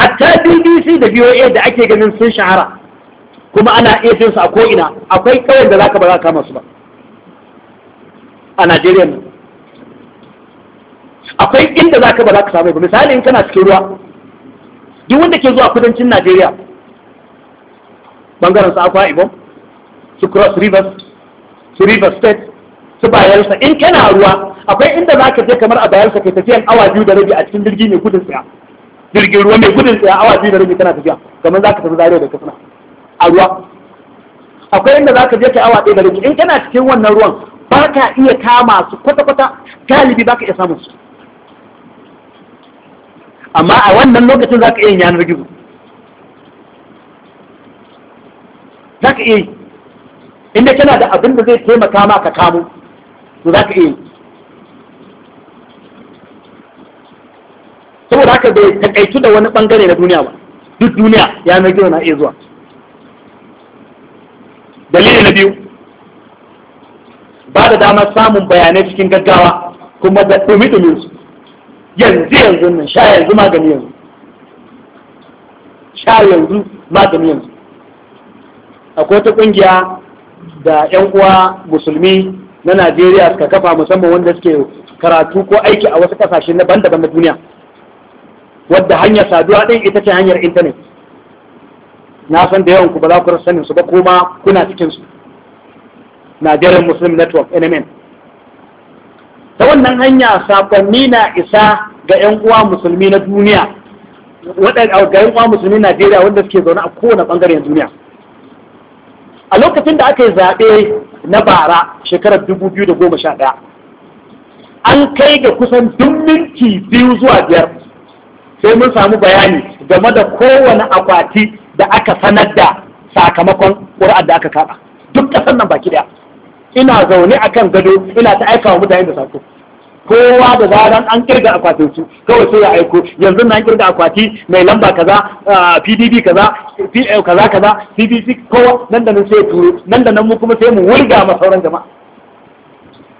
hatta bbc da voa da ake ganin sun shahara kuma ana iya jin su a ko'ina akwai kawai da zaka ba za kama su ba a najeriya ne akwai inda zaka ba za ka samu ba misali in kana cikin ruwa duk wanda ke zuwa kudancin najeriya bangaren su akwa ibom su cross rivers su rivers state su bayarsa in kana ruwa akwai inda za ka je kamar a bayarsa kai tafiyan awa biyu da rabi a cikin jirgi mai gudun tsaya jirgin ruwa mai gudun tsaya awa biyu da rabi kana tafiya kamar za ka tafi zariya da kafina a ruwa akwai inda za ka je kai awa ɗaya da rabi in kana cikin wannan ruwan ba ka iya kama su kwata-kwata galibi ba ka iya samun su amma a wannan lokacin za ka iya yin yanar gizo za ka iya yi. inda kana da abin da zai taimaka ma ka kamo to za ka iya yi saboda haka bai takaitu da wani bangare na duniya ba duk duniya ya na gina na iya zuwa dalili na biyu ba da damar samun bayanai cikin gaggawa kuma da dumi-dumin su yanzu yanzu nan sha yanzu magani yanzu sha yanzu magani yanzu akwai wata kungiya da 'yan uwa musulmi na Najeriya suka kafa musamman wanda suke karatu ko aiki a wasu kasashe na daban na duniya wadda hanyar saduwa ɗin ita ce hanyar intanet na san da yawan ku ba za ku rasa sanin su ba kuma kuna cikin su Nigerian Muslim Network NMN ta wannan hanya sakonni na isa ga 'yan uwa musulmi na duniya waɗanda ga 'yan uwa musulmi Najeriya wanda suke zaune a kowane ɓangaren duniya a lokacin da aka yi zaɓe na bara shekarar 2011 an kai ga kusan duk minti biyu zuwa biyar sai mun samu bayani game da kowane akwati da aka sanar da sakamakon ƙuri'ar da aka kaɗa duk ƙasar nan baki ɗaya. ina zaune a kan gado ina ta aika wa mutane da sako kowa da zaran an kirga akwatin su kawai sai ya aiko yanzu na kirga akwati mai lamba kaza pdb eh, kaza kaza kaza cbc kowa nan da nan sai turo nan da nan mu kuma sai mu wurga ma sauran jama'a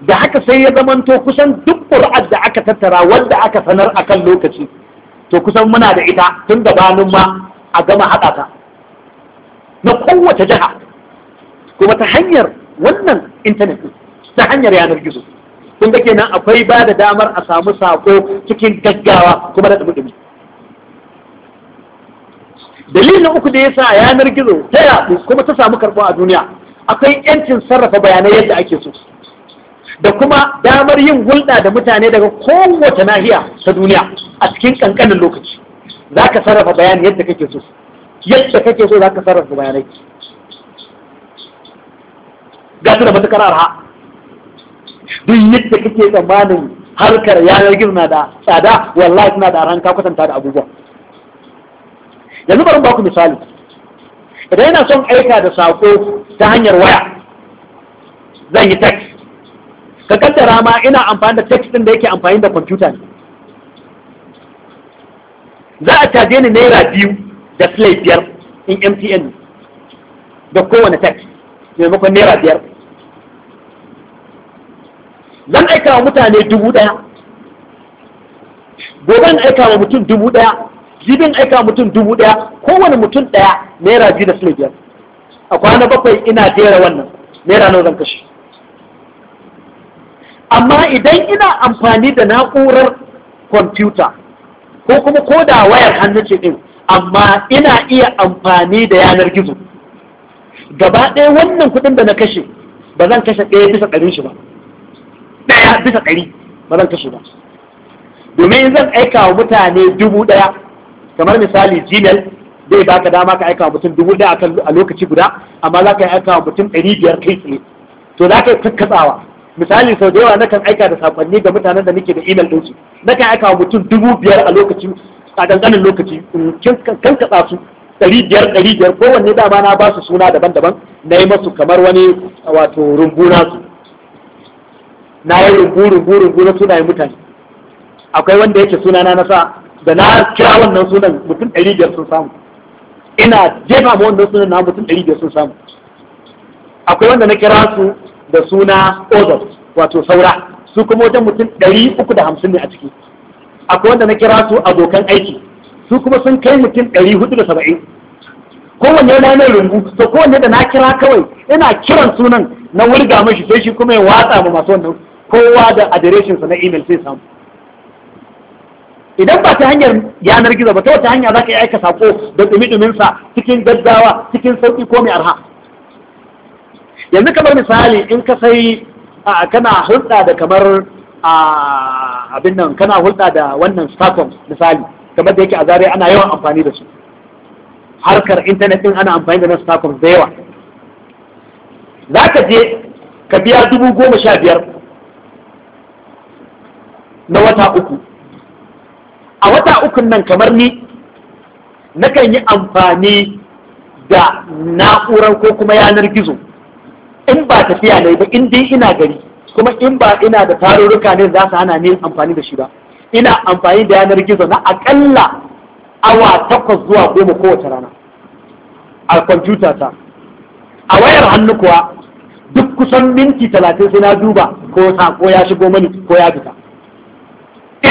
da haka sai ya zamanto kusan duk qur'an da aka tattara wanda aka sanar a kan lokaci to kusan muna da ita tun banun ma a gama haɗa ta na kowace jiha kuma ta hanyar wannan intanet ta hanyar yanar gizo kun da kenan akwai ba da damar a samu sako cikin gaggawa kuma da dumi dalilin uku da yasa yanar gizo ta yaɗu kuma ta samu karɓo a duniya akwai yancin sarrafa bayanai yadda ake so da kuma damar yin hulɗa da mutane daga kowace nahiya ta duniya a cikin ƙanƙanin lokaci za ka sarrafa bayani yadda kake so yadda kake so za ka sarrafa bayanai ga su da matuƙar arha duk yadda kake tsammanin harkar yanar gizo na da tsada wallahi suna da ranka kwatanta da abubuwa yanzu bari ba ku misali idan yana son aika da sako ta hanyar waya zan yi text ka kaddara ma ina amfani da text din da yake amfani da kwamfuta ne za a caje ni naira biyu da slay biyar in mtn da kowane text maimakon naira biyar aika wa mutane dubu ɗaya gobe in aika wa mutum dubu ɗaya jibin aika mutum dubu ɗaya kowane mutum ɗaya naira biyu da sule biyar a kwana bakwai ina jera wannan naira nawa zan kashe amma idan ina amfani da na'urar kwamfuta ko kuma ko da wayar hannu ce ɗin amma ina iya amfani da yanar gizo gaba ɗaya wannan kuɗin da na kashe ba zan kashe ɗaya bisa ɗarin shi ba Daya bisa ɗari ba zan kashe ba domin zan aika wa mutane dubu ɗaya kamar misali gmail zai baka dama ka aika wa mutum dubu daya a lokaci guda amma za ka yi aika wa mutum ɗari biyar kai tsaye to za ka yi kakkatsawa misali sau da yawa nakan aika da saƙonni ga mutanen da nake da email ɗinsu nakan aika wa mutum dubu biyar a lokaci a ɗanɗanin lokaci kan katsa su ɗari biyar ɗari biyar kowanne dama na ba su suna daban-daban na yi masu kamar wani wato rumbu su na yi rubu rubu rubu na sunayen mutane akwai wanda yake sunana na sa da na kira wannan sunan mutum ɗari biyar sun samu ina jefa ma wannan sunan na mutum ɗari biyar sun samu akwai wanda na kira su da suna odor wato saura su kuma wajen mutum ɗari uku da hamsin ne a ciki akwai wanda na kira su abokan aiki su kuma sun kai mutum ɗari hudu da saba'in kowanne na mai rungu to kowanne da na kira kawai ina kiran sunan na wurga mashi sai shi kuma ya watsa ma masu wannan kowa da adireshinsa na email sai samu idan ba ta hanyar yanar gizo ba ta wata hanya za ka yi aika sako da dumi cikin gaggawa cikin sauƙi ko mai arha yanzu kamar misali in ka sai kana hulɗa da kamar abin nan kana hulɗa da wannan stockholm misali kamar da yake a zare ana yawan amfani da su harkar intanet ɗin ana amfani da na da yawa za ka je ka biya dubu goma sha biyar na wata uku a wata ukun nan kamar ni nakan yi amfani da na'urar ko kuma yanar gizo in ba tafiya ne ba in dai ina gari kuma in ba ina da tarurruka ne za su hana ni amfani da shi ba ina amfani da yanar gizo na akalla awa takwas zuwa goma kowace rana a kwamfuta ta a wayar hannu kuwa duk kusan minti talatin sai na duba ko ko ya shigo mani ko ya fita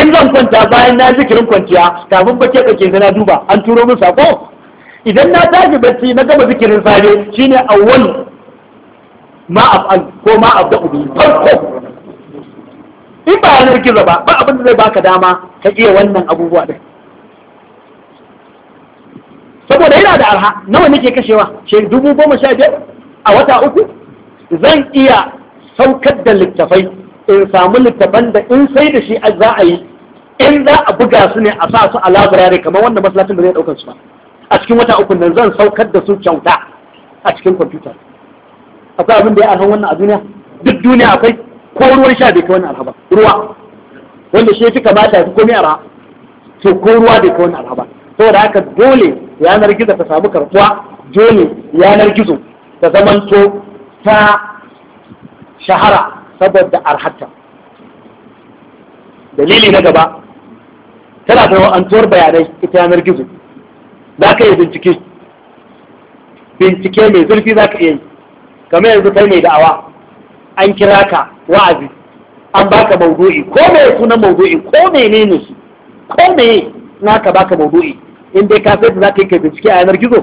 in zan kwanta bayan na zikirin kwanciya kafin bace kake na duba an turo min sako idan na tashi bacci na gama zikirin safe shine awwal ma af'al ko ma da ubi farko in ba yanar gizo ba ba abin zai baka dama ka iya wannan abubuwa din saboda yana da arha nawa nake kashewa shi dubu goma sha biyar a wata uku zan iya saukar da littafai in samu littafan da in sai da shi za a yi in za a buga su ne a sa su a labirare kamar wannan masallacin ba zai ɗaukar su ba a cikin wata uku nan zan saukar da su kyauta a cikin kwamfuta akwai abin da ya alhan wannan a duniya duk duniya akwai ko ruwan sha bai kai wannan arhaba ruwa wanda shi fi kamata fi komai arha to ko ruwa bai kai wannan arhaba saboda haka dole yanar gizo ta samu karbuwa dole yanar gizo ta zamanto ta shahara saboda arhatta dalili na gaba tana da wa'antuwar bayanai ita yanar gizo za ka yi bincike bincike mai zurfi za ka iya yi kamar yanzu kai mai da'awa an kira ka wa'azi an baka maudu'i ko mai sunan maudu'i ko menene shi ko meye naka baka maudu'i in dai ka sai da za ka yi ka bincike a yanar gizo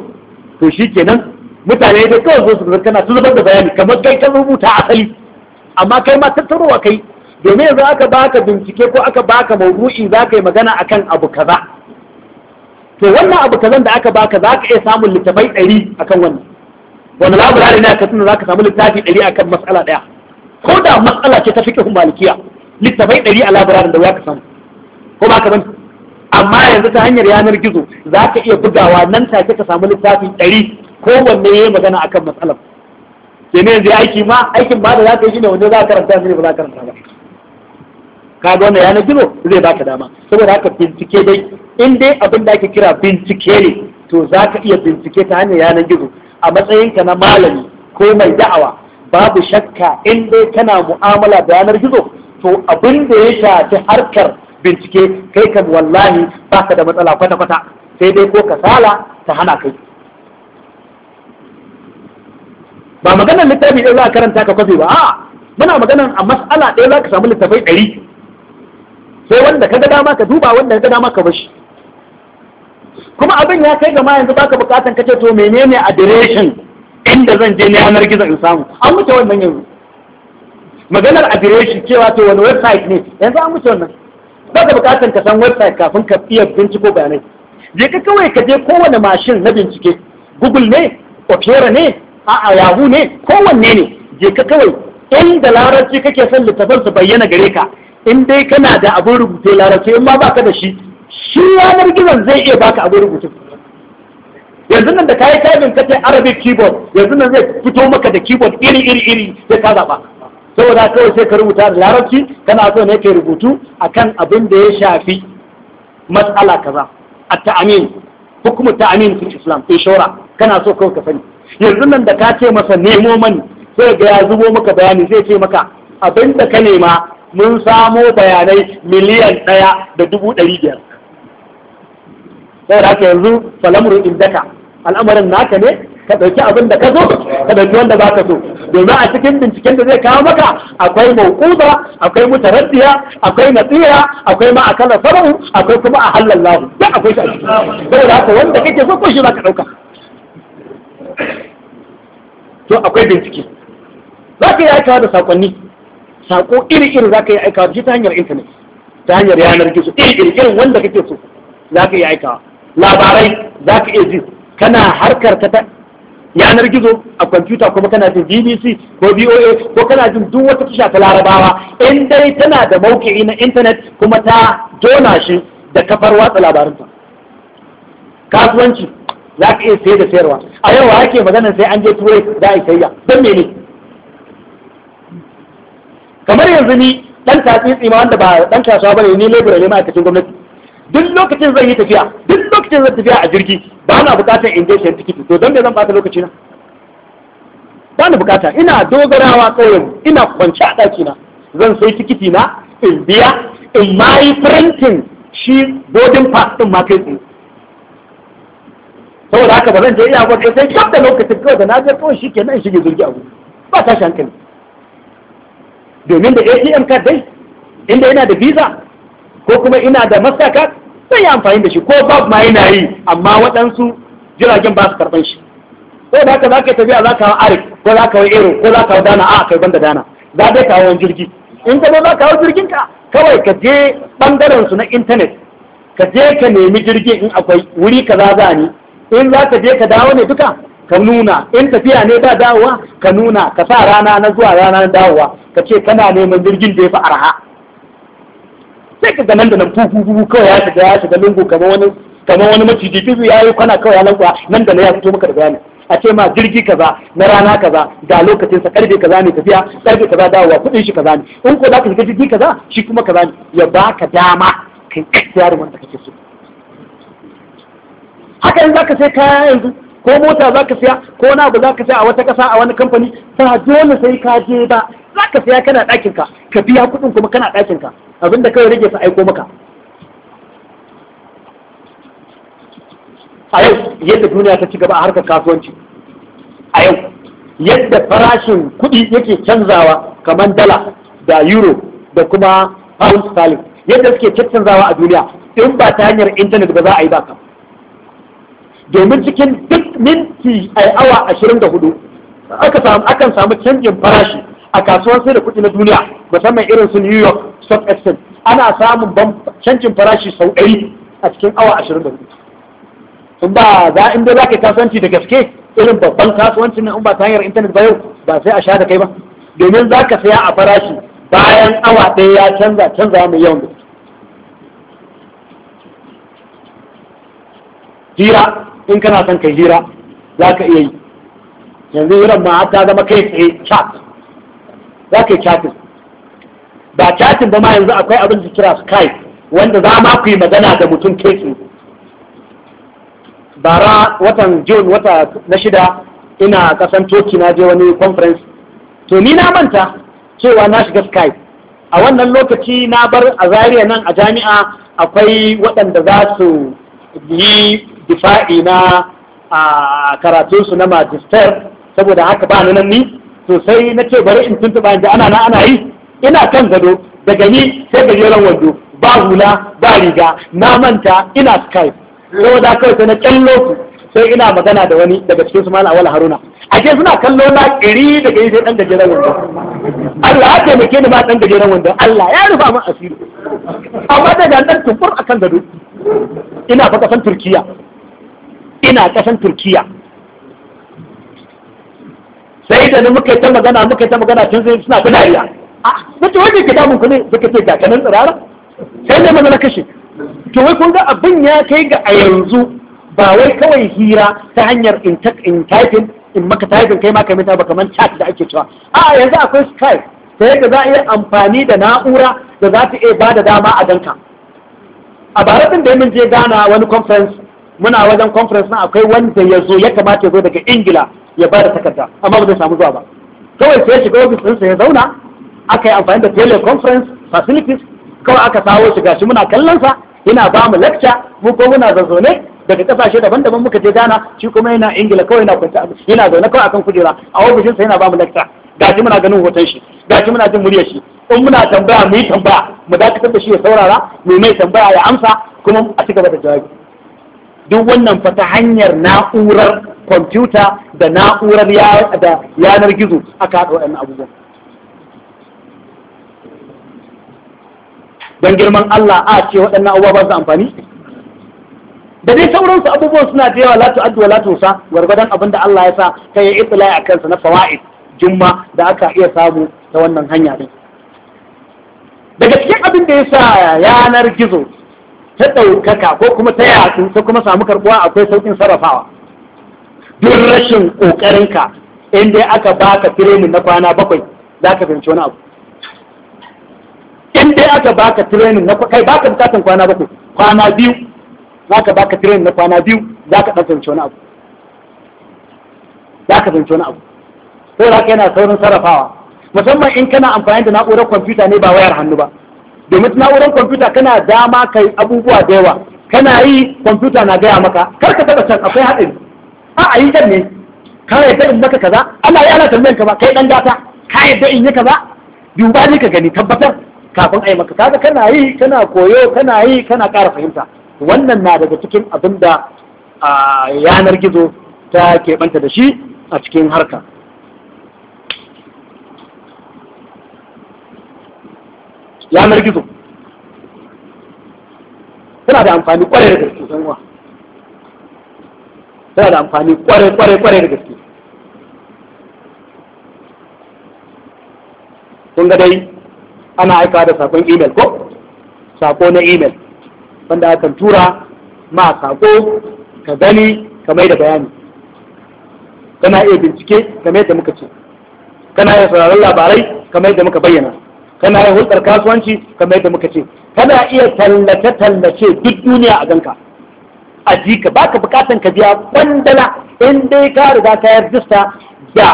to shi kenan mutane da kawai zo su kana su zubar da bayani kamar kai ka rubuta asali amma kai ma tattarowa kai domin yanzu aka baka bincike ko aka baka maudu'i za ka yi magana akan abu kaza to wannan abu kazan da aka baka za ka iya samun littafai ɗari akan wannan wani labirari na ka tuna za ka samu littafi ɗari akan matsala ɗaya ko da matsala ce ta kihun malikiya littafai ɗari a labirarin da ya ka samu ko ba ka bani amma yanzu ta hanyar yanar gizo za ka iya bugawa nan take ka samu littafi ɗari ko wanne ya yi magana akan matsalar sai ne zai aiki ma aikin ba da za ka yi shine wanda za ka karanta shi ne ba za ka karanta ba ka ga wannan yanar gizo zai baka dama saboda haka bincike dai in abin da ake kira bincike ne to za ka iya bincike ta hanyar yanar gizo a matsayinka na malami ko mai da'awa babu shakka in dai kana mu'amala da yanar gizo to abin da ya shafi harkar bincike kai ka wallahi baka da matsala kwata-kwata sai dai ko kasala ta hana kai ba maganar littafi ɗaya za a karanta ka kwafi ba a'a muna maganar a mas'ala ɗaya za ka samu littafai ɗari sai wanda ka ga dama ka duba wanda ka dama ka bashi kuma abin ya kai gama yanzu baka bukatan kace to menene adireshin inda zan je ne yanar gizo in samu an wuce wannan yanzu maganar adireshin cewa to wani website ne yanzu an wuce wannan baka bukatan ka san website kafin ka iya binciko bayanai je ka kawai ka je kowane mashin na bincike google ne opera ne a'a yahu ne kowanne ne je ka kawai inda larabci kake son littafin su bayyana gare ka in dai kana da abin rubuce larabci in ma baka da shi shi yanar gizon zai iya baka abin rubutu yanzu nan da kayi tabin ka ce arabic keyboard yanzu nan zai fito maka da keyboard iri iri iri sai ka zaba saboda kawai sai ka rubuta da larabci kana so ne ka rubutu akan abin da ya shafi matsala kaza at ta'amin hukumu ta'amin fi islam inshora kana so kawai ka sani yanzu nan da ka ce masa nemo mani sai ga ya zubo maka bayani zai ce maka abin da ka nema mun samo bayanai miliyan ɗaya da dubu ɗari biyar da haka yanzu falamurin indaka al'amarin naka ne ka ɗauki abin da ka zo ka ɗauki wanda za ka so domin a cikin binciken da zai kawo maka akwai mauquba akwai mutaraddiya akwai nasira akwai ma akala far'u akwai kuma a halallahu duk akwai shi a Sai da haka wanda kake so ko shi za ka ɗauka to akwai bincike za ka yi aikawa da saƙonni saƙo iri-iri za ka yi aikawa da shi ta hanyar intanet ta hanyar yanar gizo iri-iri irin wanda kake so za ka yi aikawa labarai za ka iya ji kana harkar ta yanar gizo a kwamfuta kuma kana jin bbc ko voa ko kana jin duk wata tusha ta larabawa in dai tana da mauki'i na intanet kuma ta jona shi da kafar watsa labarinta kasuwanci za ka iya sayar da sayarwa a yau ake magana sai an je turai za a yi sayya don ne kamar yanzu ni dan tatsitsi ma wanda ba dan kasuwa bane ni lebura ne ma'aikacin gwamnati duk lokacin zan yi tafiya duk lokacin zan tafiya a jirgi ba na bukatar in je sayan tikiti to don me zan bata lokaci na ba na bukata ina dogarawa kawai ina kwance a daki na zan sai tikiti na in biya in ma yi printing shi boarding pass din ma kai tsaye saboda haka ba zan je iya ba sai kaf da lokacin kawai da na je kawai shi shi shige zurgi abu ba shi hankali domin da atm card dai inda yana da visa ko kuma ina da card zan yi amfani da shi ko bab ma yana yi amma waɗansu jiragen ba su karɓan shi saboda haka za ka yi tafiya za ka hau arik ko za ka hau ero ko za ka hau dana a kai banda dana za dai ka hau jirgi in ka zo za ka hau jirgin ka kawai ka je ɓangaren su na intanet ka je ka nemi jirgin in akwai wuri kaza za ni in za ka je ka dawo ne duka ka nuna in tafiya ne da dawowa ka nuna ka sa rana na zuwa rana na dawowa ka ce kana neman jirgin da ya fi arha sai ka ga nan da nan fufufu kawai ya shiga ya shiga lungu kamar wani kamar wani maciji fizu ya yi kwana kawai ya lankwa nan da na ya fito maka da bayani a ce ma jirgi kaza na rana kaza da lokacin sa karfe kaza ne tafiya karfe kaza dawowa kudin shi kaza ne in ko za ka shiga jirgi kaza shi kuma kaza ne ya baka dama kai yarin wanda kake so haka yanzu zaka sai kaya yanzu ko mota zaka siya ko na abu zaka siya a wata kasa a wani kamfani ba dole sai ka je ba zaka siya kana ɗakin ka ka biya kuɗin kuma kana ɗakin ka abinda kawai rage su aiko maka a yau yadda duniya ta ci gaba a harkar kasuwanci a yau yadda farashin kuɗi yake canzawa kamar dala da euro da kuma pound sterling yadda suke canzawa a duniya in ba ta hanyar intanet ba za a yi ba domin cikin duk minti ai awa 24 aka samu akan samu canjin farashi a kasuwar sai da kuɗi na duniya musamman irin su New York Stock Exchange ana samun canjin farashi sau 100 a cikin awa 24 in ba za in dai za ka kasuwanci da gaske irin babban kasuwancin nan ba ta hanyar intanet ba yau ba sai a sha da kai ba domin za ka saya a farashi bayan awa ɗaya ya canza canza mai yawan gaske in kana son kai hira za ka iya yi yanzu hirar ma ta zama kai tsaye chat za ka yi chatting ba chatting ba ma yanzu akwai abin da kira skype wanda za ma ku yi magana da mutum kai tsaye bara watan june wata na shida ina kasan toki na je wani conference to ni na manta cewa na shiga skype a wannan lokaci na bar a zariya nan a jami'a akwai waɗanda za su yi difa'i na a karatunsu na magister saboda haka ba nan ni to sai na ce bari in tuntuɓa inda ana na ana yi ina kan gado daga ni sai gajeren wando ba hula ba riga na manta ina skype saboda kawai sai na kyallo ku sai ina magana da wani daga cikin su mala awala haruna ke suna kallo na kiri daga yi sai dan gajeren wando Allah ya taimake ni ba dan gajeren wando Allah ya rufa min asiri amma daga dan tukur akan gado ina fa kasan Turkiya ina ƙasan turkiya sai da muka ta magana muka ta magana tun sai suna gudariya a ta wani ke damun ku ne suka ce ga kanan tsirara sai ne magana kashe to wai kun ga abin ya kai ga a yanzu ba wai kawai hira ta hanyar in typing in maka typing kai ma ka mita ba kamar chat da ake cewa a yanzu akwai skype ta yadda za a iya amfani da na'ura da za ta iya ba da dama a danka a bara din da ya mun je gana wani conference muna wajen conference na akwai wanda ya zo ya kamata ya zo daga ingila ya ba da takarda amma ba zai samu zuwa ba kawai sai shiga ofis ɗinsa ya zauna aka yi amfani da teleconference facilities kawai aka kawo shiga shi muna kallonsa yana ba mu lecture mu ko muna zazzaune daga kasashe daban-daban muka je gana shi kuma yana Ingila kawai yana kwanta yana zaune kawai akan kujera a ofishinsa yana ba mu lecture shi muna ganin hoton shi shi muna jin muryar shi in muna tambaya mu yi tambaya mu dakatar da shi ya saurara mu mai tambaya ya amsa kuma a cigaba da jawabi duk wannan fa ta hanyar na'urar kwamfuta da na'urar yanar gizo aka haɗa waɗannan abubuwan don girman Allah a ce waɗannan abubuwa ba su amfani da dai sauransu abubuwan suna da yawa latu addu'a latu sa gwargwadon abin da Allah ya sa ta yi itsila a kansa na fawaid jumma da aka iya samu ta wannan hanya din daga cikin abin da ya sa yanar gizo ta ɗaukaka ko kuma ta yatsu ta kuma samu karɓuwa akwai sauƙin sarrafawa duk rashin ƙoƙarinka in dai aka baka tirenin na kwana bakwai za ka fahimci wani abu in dai aka baka tirenin na kai baka bukatan kwana bakwai kwana biyu za ka baka tirenin na kwana biyu za ka ɗan fahimci wani abu za ka fahimci wani abu sai za ka yana saurin sarrafawa musamman in kana amfani da na'urar kwamfuta ne ba wayar hannu ba domin na'urar kwamfuta kana dama ka yi abubuwa da yawa kana yi kwamfuta na gaya maka kar ka taɓa can akwai haɗin a a yi can ne ka yadda in maka kaza ana yi ana tambayan ka ba kai ɗan gata ka yadda in yi kaza duba ne ka gani tabbatar kafin a yi maka kaga kana yi kana koyo kana yi kana ƙara fahimta wannan na daga cikin abin da yanar gizo ta keɓanta da shi a cikin harka yanar gizo tana da amfani kware da gaske san wa, tana da amfani kware-kware-kware da gaske sun ga dai ana aika da sakon email ko sako na email wanda aka tura ma sako ka gani ka mai da bayani kana iya bincike kamar yadda muka ce kana iya sauraron labarai kamar yadda muka bayyana kana yin hulɗar kasuwanci kamar yadda muka ce kana iya tallace tallace duk duniya a ganka a jika ka. bukatan ka biya bandala in dai ka riga ka yarda da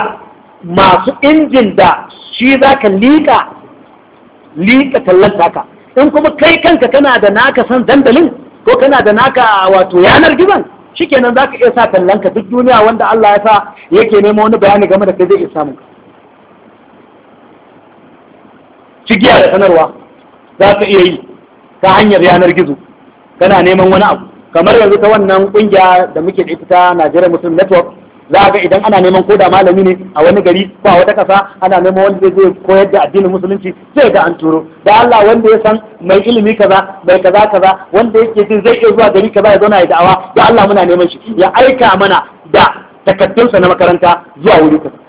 masu injin da shi za ka liƙa liƙa tallanta ka in kuma kai kanka kana da naka san dandalin ko kana da naka wato yanar gizon shikenan za ka iya sa tallanka duk duniya wanda Allah ya sa yake nemo wani bayani game da kai zai iya samun ka cigiya da sanarwa za ka iya yi ta hanyar yanar gizo kana neman wani abu kamar yanzu ta wannan kungiya da muke da ita ta Najeriya Muslim Network za ga idan ana neman koda malami ne a wani gari ko a wata kasa ana neman wanda zai koyar da addinin musulunci zai ga an turo da Allah wanda ya san mai ilimi kaza mai kaza kaza wanda yake jin zai iya zuwa gari kaza ya zauna ya da'awa da Allah muna neman shi ya aika mana da takaddunsa na makaranta zuwa wuri kaza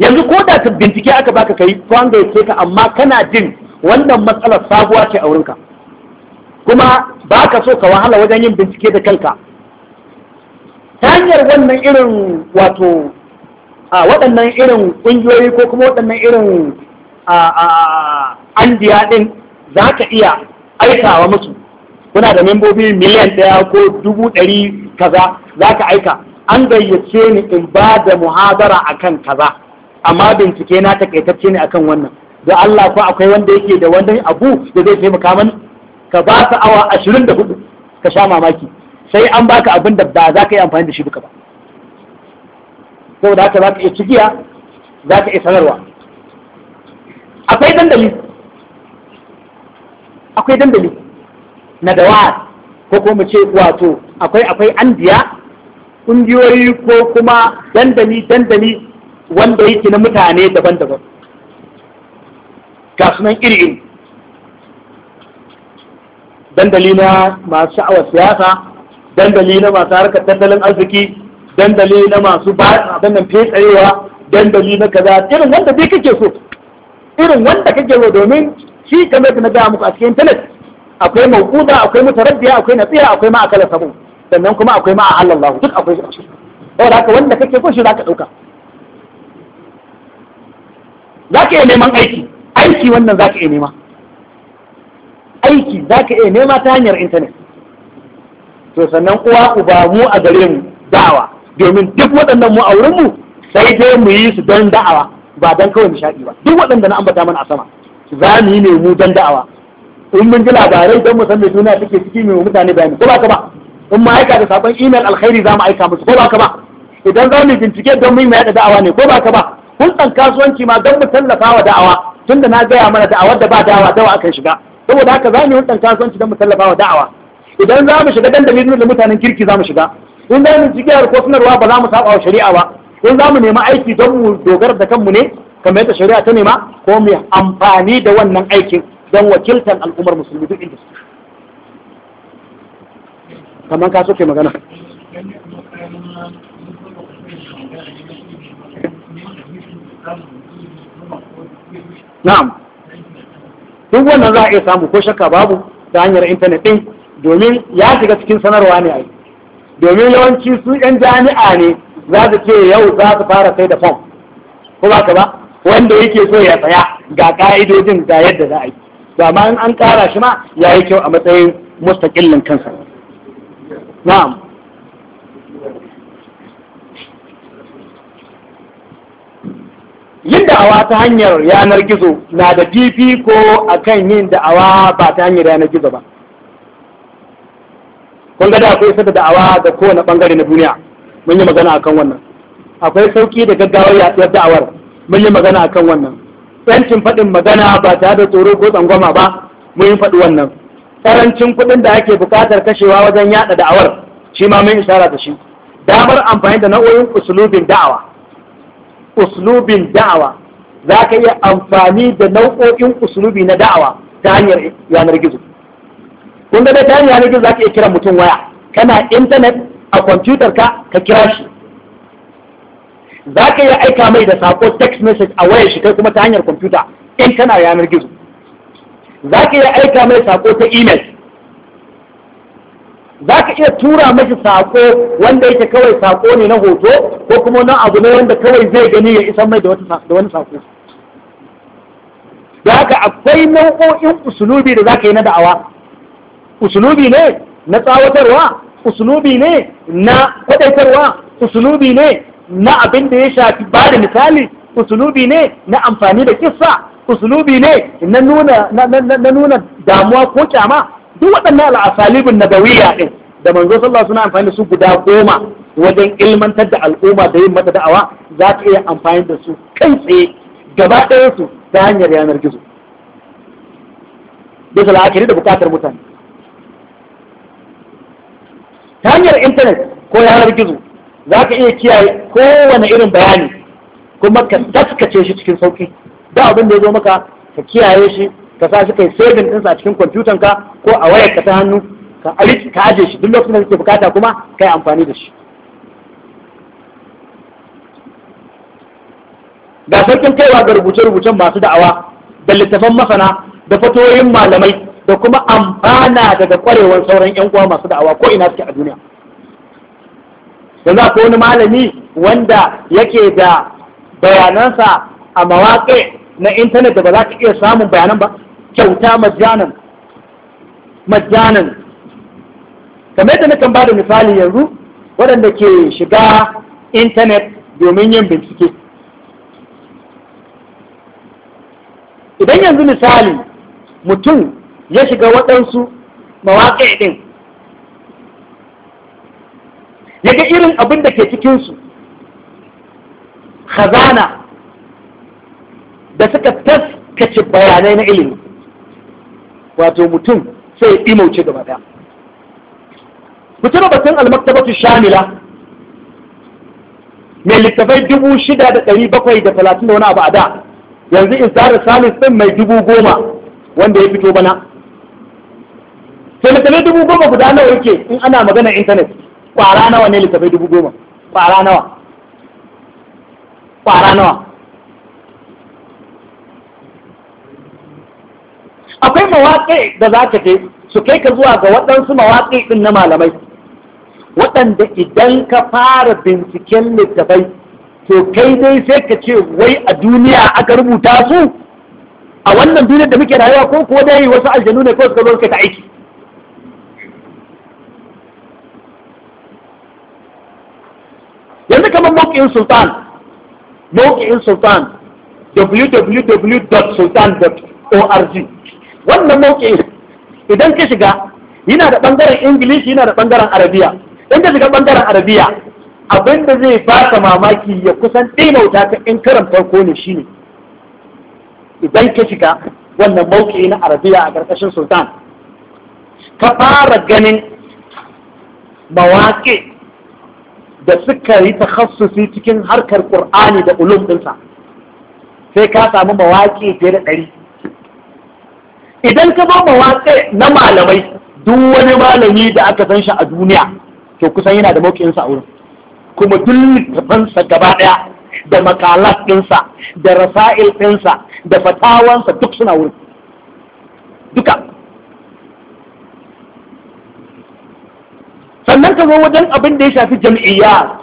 yanzu ko da bincike aka baka kai tuwan an yake ka amma kana jin wannan matsalar sabuwa ce a wurinka kuma ba ka so ka wahala wajen yin bincike da kanka ta hanyar wannan irin wato a waɗannan irin ƙungiyoyi ko kuma waɗannan irin an diya ɗin za ka iya aikawa musu kuna da membobi miliyan ɗaya ko dubu ɗari kaza za ka aika an gayyace ni in ba da muhabara akan kaza amma bincike na takaitacce ne akan wannan da Allah ko akwai wanda yake da wani abu da zai taimaka mani ka ba ka awa ashirin da hudu ka sha mamaki sai an baka abin da ba za ka yi amfani da shi duka ba saboda haka za ka iya cikiya za ka iya sanarwa akwai dandali akwai dandali na dawa ko kuma ce wato akwai akwai andiya ƙungiyoyi ko kuma dandali dandali wanda yake na mutane daban-daban ga sunan iri-iri dandali na masu sha'awar siyasa dandali na masu harkar dandalin arziki dandali na masu abinnan fetsarewa dandali na kaza irin wanda dai kake so irin wanda kake so domin shi kamar na gaya muku a cikin intanet akwai mawquda akwai mutaraddiya akwai natsiya akwai ma akala sannan kuma akwai ma a duk akwai shi saboda haka wanda kake so shi zaka dauka za ka iya neman aiki aiki wannan za ka iya nema aiki za ka iya nema ta hanyar intanet to sannan uwa uba mu a gare mu da'awa domin duk waɗannan mu a wurin mu sai dai mu yi su don da'awa ba don kawai nishaɗi ba duk waɗanda na ambata mana a sama za mu yi nemu don da'awa in mun ji labarai don mu san me duniya take ciki mai mutane bayani ko ba ka ba in ma aika da sabon email alkhairi za mu aika musu ko ba ka ba idan za mu bincike don mu yi mai yaɗa da'awa ne ko ba ka ba hulɗar kasuwanci ma don mu tallafa wa da'awa tunda na gaya mana da'awar da ba da'awa dawa akan shiga saboda haka za mu hulɗar kasuwanci don mu tallafa wa da'awa idan za mu shiga dandalin da mutanen kirki za mu shiga in za mu jigiyar ko sanarwa ba za mu saba wa shari'a ba in za mu nema aiki don mu dogara da kanmu ne kamar yadda shari'a ta nema ko mu amfani da wannan aikin don wakiltar al'ummar musulmi duk inda kamar ka soke magana na'am duk wannan za a iya samu ko shakka babu ta hanyar intanet ɗin domin ya shiga cikin sanarwa ne ai domin yawanci su yan jami'a ne za su ce yau za su fara sai da fom ko ba ka ba wanda yake so ya tsaya ga ka'idojin ga yadda za a yi ma in an kara shi ma ya yi kyau a matsayin mustaƙillin kansa na'am yin da'awa ta hanyar yanar gizo na da fifiko a kan yin da'awa ba ta hanyar yanar gizo ba kun ga da akwai sada da'awa ga kowane bangare na duniya mun yi magana akan wannan akwai sauki da gaggawar yatsiyar da'awar mun yi magana akan wannan yancin faɗin magana ba tare da tsoro ko tsangwama ba mun yi faɗi wannan Ƙarancin kuɗin da ake buƙatar kashewa wajen yaɗa da'awar shi ma mun isara da shi damar amfani da nau'o'in usulubin da'awa uslubin da'awa za ka iya amfani da nau'o'in uslubi na da'awa ta hanyar yanar gizo kun ga ta hanyar yanar gizo za ka iya kira mutum waya kana intanet a kwamfutar ka ka kira shi za ka iya aika mai da sako text message a wayar shi kai kuma ta hanyar kwamfuta in kana yanar gizo za ka iya aika mai sako ta email za ka iya tura mashi sako wanda yake kawai sako ne na hoto ko kuma wani abu ne wanda kawai zai gani ya isa mai da wani sako da haka akwai nau'o'in usulubi da za ka yi na da'awa usulubi ne na tsawatarwa usulubi ne na kwadaitarwa usulubi ne na abin da ya shafi ba da misali usulubi ne na amfani da kissa usulubi ne na nuna damuwa ko kyama duk waɗannan al'asalibin na gawiya ɗin, da manzo sallah suna amfani da su guda goma wajen ilmantar da al'umma da yin mata da'awa za ka iya amfani da su kai tsaye gaba ɗaya su ta hanyar yanar gizo bisa la'akari da bukatar mutane ta hanyar intanet ko yanar gizo za ka iya kiyaye kowane irin bayani kuma ka taskace shi cikin sauki da abin da ya zo maka ka kiyaye shi ka sa shi kai saving ɗinsa a cikin kwamfutan ka ko a wayar ka ta hannu ka aliki ka aje shi duk lokacin da kake bukata kuma kai amfani da shi da sarkin kaiwa ga rubuce-rubucen masu da'awa da littafan masana da fatoyin malamai da kuma amfana daga kwarewar sauran 'yan uwa masu da'awa ko ina suke a duniya yanzu akwai wani malami wanda yake da bayanansa a mawaƙe na intanet da ba za ka iya samun bayanan ba kyauta majanan majanan kamar yadda nakan ba da misali yanzu waɗanda ke shiga intanet domin yin bincike idan yanzu misali mutum ya shiga waɗansu mawaƙe ɗin ya ga irin abin da ke cikinsu khazana da suka taskace bayanai na ilimi wato mutum sai ya imauce gaba daya mutum batun almaktabatu shamila mai littafai dubu shida da ɗari bakwai da talatin da wani abu a da yanzu in tsara samun ɗin mai dubu goma wanda ya fito bana sai littafai dubu goma guda nawa yake in ana magana intanet kwara nawa ne littafai dubu goma kwara nawa kwara nawa akwai mawaƙi da za ka je su kai ka zuwa ga waɗansu mawaƙi ɗin na malamai waɗanda idan ka fara binciken littafai to kai dai sai ka ce wai a duniya aka rubuta su a wannan duniyar da muke rayuwa ko ko dai wasu aljanu ne ko suka zo suka ta aiki yanzu kamar mawaƙin sultan mawaƙin sultan www.sultan.org wannan mauki idan ka shiga yana da ɓangaren ingilishi yana da ɓangaren arabiya in ka shiga ɓangaren arabiya abin da zai baka mamaki ya kusan ɗinauta ka in karan farko ne shine idan ka shiga wannan mauki na arabiya a ƙarƙashin sultan ka fara ganin mawaƙi da suka yi takhassusi cikin harkar ƙur'ani da ulum ɗinsa sai ka samu mawaƙi fiye da ɗari idan ka zo mawaƙe na malamai duk wani malami da aka san shi a duniya to kusan yana da maukinsa a wurin kuma duk littafansa gaba ɗaya da makalat ɗinsa da rasa'il ɗinsa da fatawansa duk suna wurin duka sannan ka zo wajen abin da ya shafi jam'iyya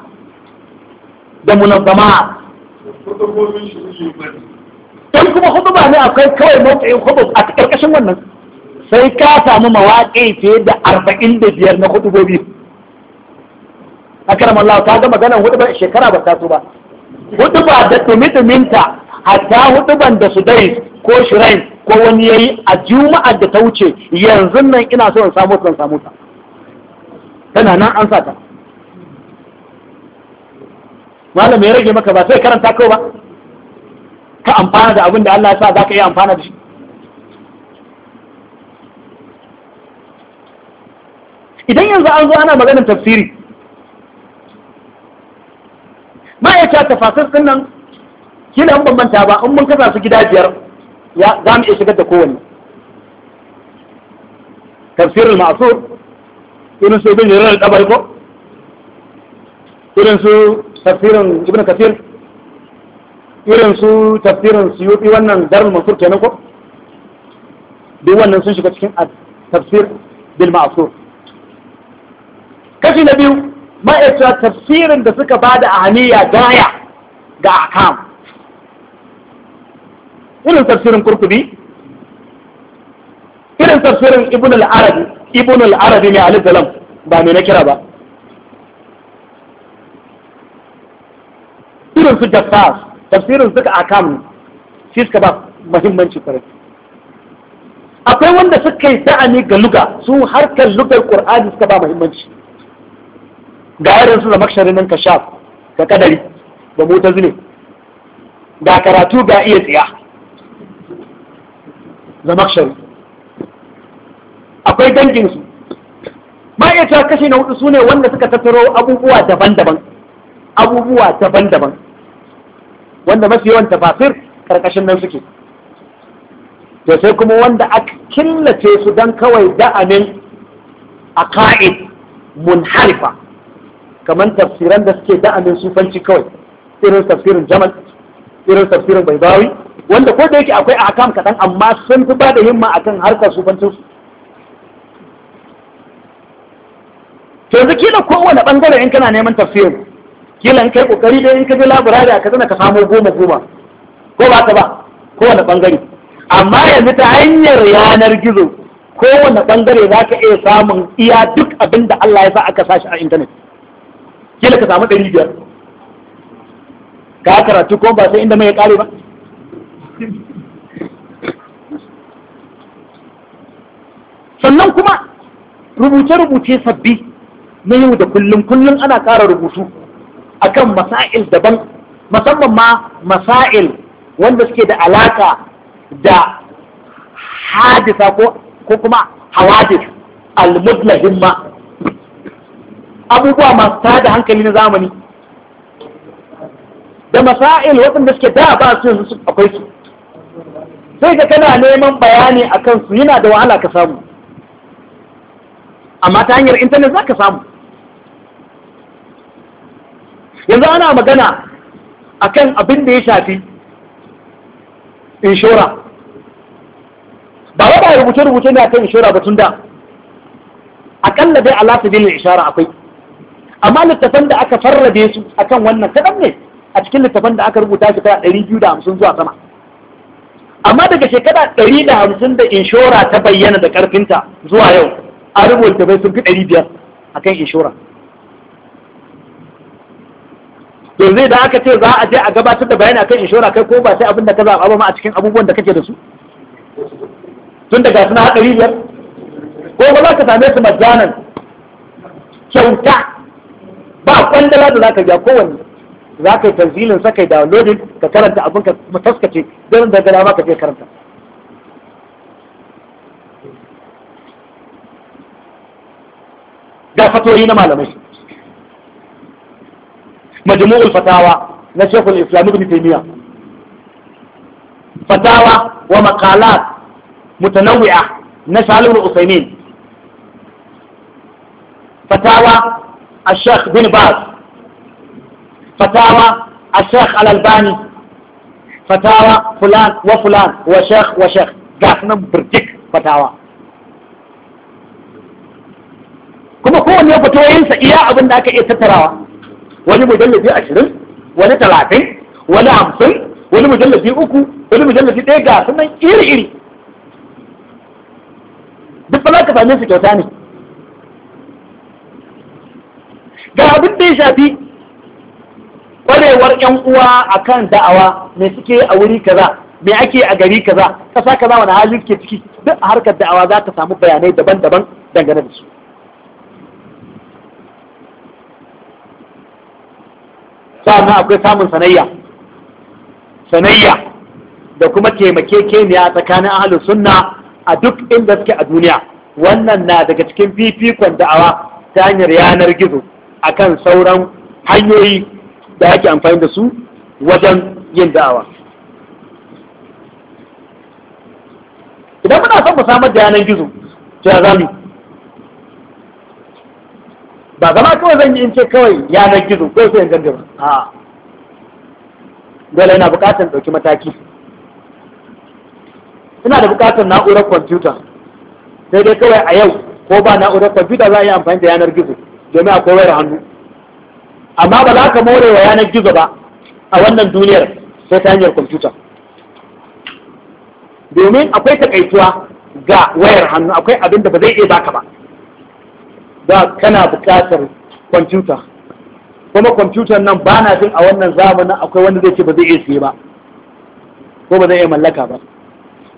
da munazzama don kuma ba ne akwai kawai mawuƙin hudu a ƙarƙashin wannan sai ka samu mawaƙi fiye da arba'in da biyar na gobi a karam Allah ta ganin maganar hutubar shekara ba ta ba ba da tumi-tuminta hatta ban da su dai ko shirai ko wani yayi a juma'ar da ta wuce yanzu nan ina so in samu ta samu ta tana nan an sa ta malam ya rage maka ba sai karanta kawai ba ka amfana da abin da Allah ya sa za ka iya amfana da shi idan yanzu an zo ana maganar tafsiri ma'aikata tafasir din nan kila in bambanta ba in mun kasa su gida biyar ya za mu iya shigar da kowanne Tafsirin masu irin su ibn jirar dabar ko irin su tafsirin ibn kasir irin su tafsirin suyuti wannan darul mansur kenan ko duk wannan sun shiga cikin tafsir bil ma'sur kashi na biyu ma'aikata tafsirin da suka bada ahaniya gaya ga akam irin tafsirin kurkubi irin tafsirin ibn al-arabi ibn al-arabi mai alisalam ba mai na kira ba irin su jaffas tafsirin suka akam shi suka ba muhimmanci kwarai akwai wanda suka yi sa'ani ga luga su harkar lugar qur'ani suka ba muhimmanci ga irin su da maksharin nan kashaf da kadari da zune ga karatu ga iya tsiya da makshari akwai dangin su ma'aikata kashi na hudu su ne wanda suka tattaro abubuwa daban-daban abubuwa daban-daban wanda mafi yawan tafasir karkashin nan suke to sai kuma wanda aka killace su don kawai da'anin a ka'id munharifa kamar tafsiran da suke da'anin sufanci kawai irin tafsirin jamal irin tafsirin baibawi wanda ko da yake akwai a akam kaɗan amma sun fi ba da himma a kan harkar su, to yanzu kila kowane bangare in kana neman tafsirin kilan kai kokari dai in ka je laburare ka zana ka samu goma goma ko ba ka ba ko wani bangare amma yanzu ta hanyar yanar gizo ko wani bangare za ka iya samun iya duk abin da Allah ya sa aka sashi a intanet kila ka samu ɗari biyar ka karatu ko ba sai inda mai ya ƙare ba sannan kuma rubuce-rubuce sabbi na yau da kullum kullum ana ƙara rubutu akan masail daban musamman ma masail wanda suke da alaka da hadisa ko ko kuma hawadis al-mudlahimma abubuwa masu tada hankali na zamani da masail waɗanda suke da ba su yanzu akwai su sai ka kana neman bayani a kansu yana da wahala ka samu amma ta hanyar intanet za ka samu yanzu ana magana a kan abin da ya shafi inshora ba wa ba rubuce-rubuce ne a kan inshora ba tun da akalla dai ala sabilin ishara akwai amma littafan da aka farrabe su a kan wannan kaɗan ne a cikin littafan da aka rubuta shi ta ɗari biyu da hamsin zuwa sama amma daga shekara ɗari da hamsin da inshora ta bayyana da ƙarfinta zuwa yau a rubuta bai sun fi ɗari biyar kan inshora yanzu da aka ce za a je a gabatar da bayani akan inshora kai ko ba sai abin da ka zaɓa ba ma a cikin abubuwan da kake da su tun daga suna haɗari biyar ko ba za ka same su majanan kyauta ba kwandala da za ka biya kowanne za ka yi tanzilin sa kai downloading ka karanta abin ka mataskace don da gada ma ka je karanta ga fatoyi na malamai مجموع الفتاوى لشيخ الاسلام ابن تيميه فتاوى ومقالات متنوعه نشال بن عثيمين فتاوى الشيخ بن باز فتاوى الشيخ الالباني فتاوى فلان وفلان وشيخ وشيخ قاسم برتك فتاوى kuma kowane ya fito yinsa iya abin da aka wani mujallabi ashirin wani talatin wani hamsin wani mujallabi uku wani mujallabi ɗaya ga sunan iri-iri duk ba ka same su kyauta ne ga abin da ya shafi kwarewar yan uwa a kan da'awa mai suke a wuri kaza mai ake a gari kaza kasa kaza wani hali ke ciki duk a harkar da'awa za ta samu bayanai daban-daban dangane da su sa'annan akwai samun sanayya sanayya da kuma taimake taimakekeniya tsakanin ahalin sunna a duk inda suke a duniya wannan na daga cikin fifikon da'awa ta hanyar yanar gizo akan sauran hanyoyi da ake amfani da su wajen yin da'awa idan muna son mu samar da yanar gizo to ya ba zama kawai zan yi in ce kawai yanar gizo ko sai in ba? a dole yana bukatar ɗauki mataki ina da bukatar na'urar kwamfuta sai dai kawai a yau ko ba na'urar kwamfuta za a yi amfani da yanar gizo domin akwai wayar hannu amma ba za ka more wa yanar gizo ba a wannan duniyar sai ta hanyar kwamfuta domin akwai takaituwa ga wayar hannu akwai abin da ba zai iya baka ba za kana buƙatar kwamfuta kuma kwamfutar nan ba na jin a wannan zamanin akwai wanda zai ce ba zai iya siye ba ko ba zai iya mallaka ba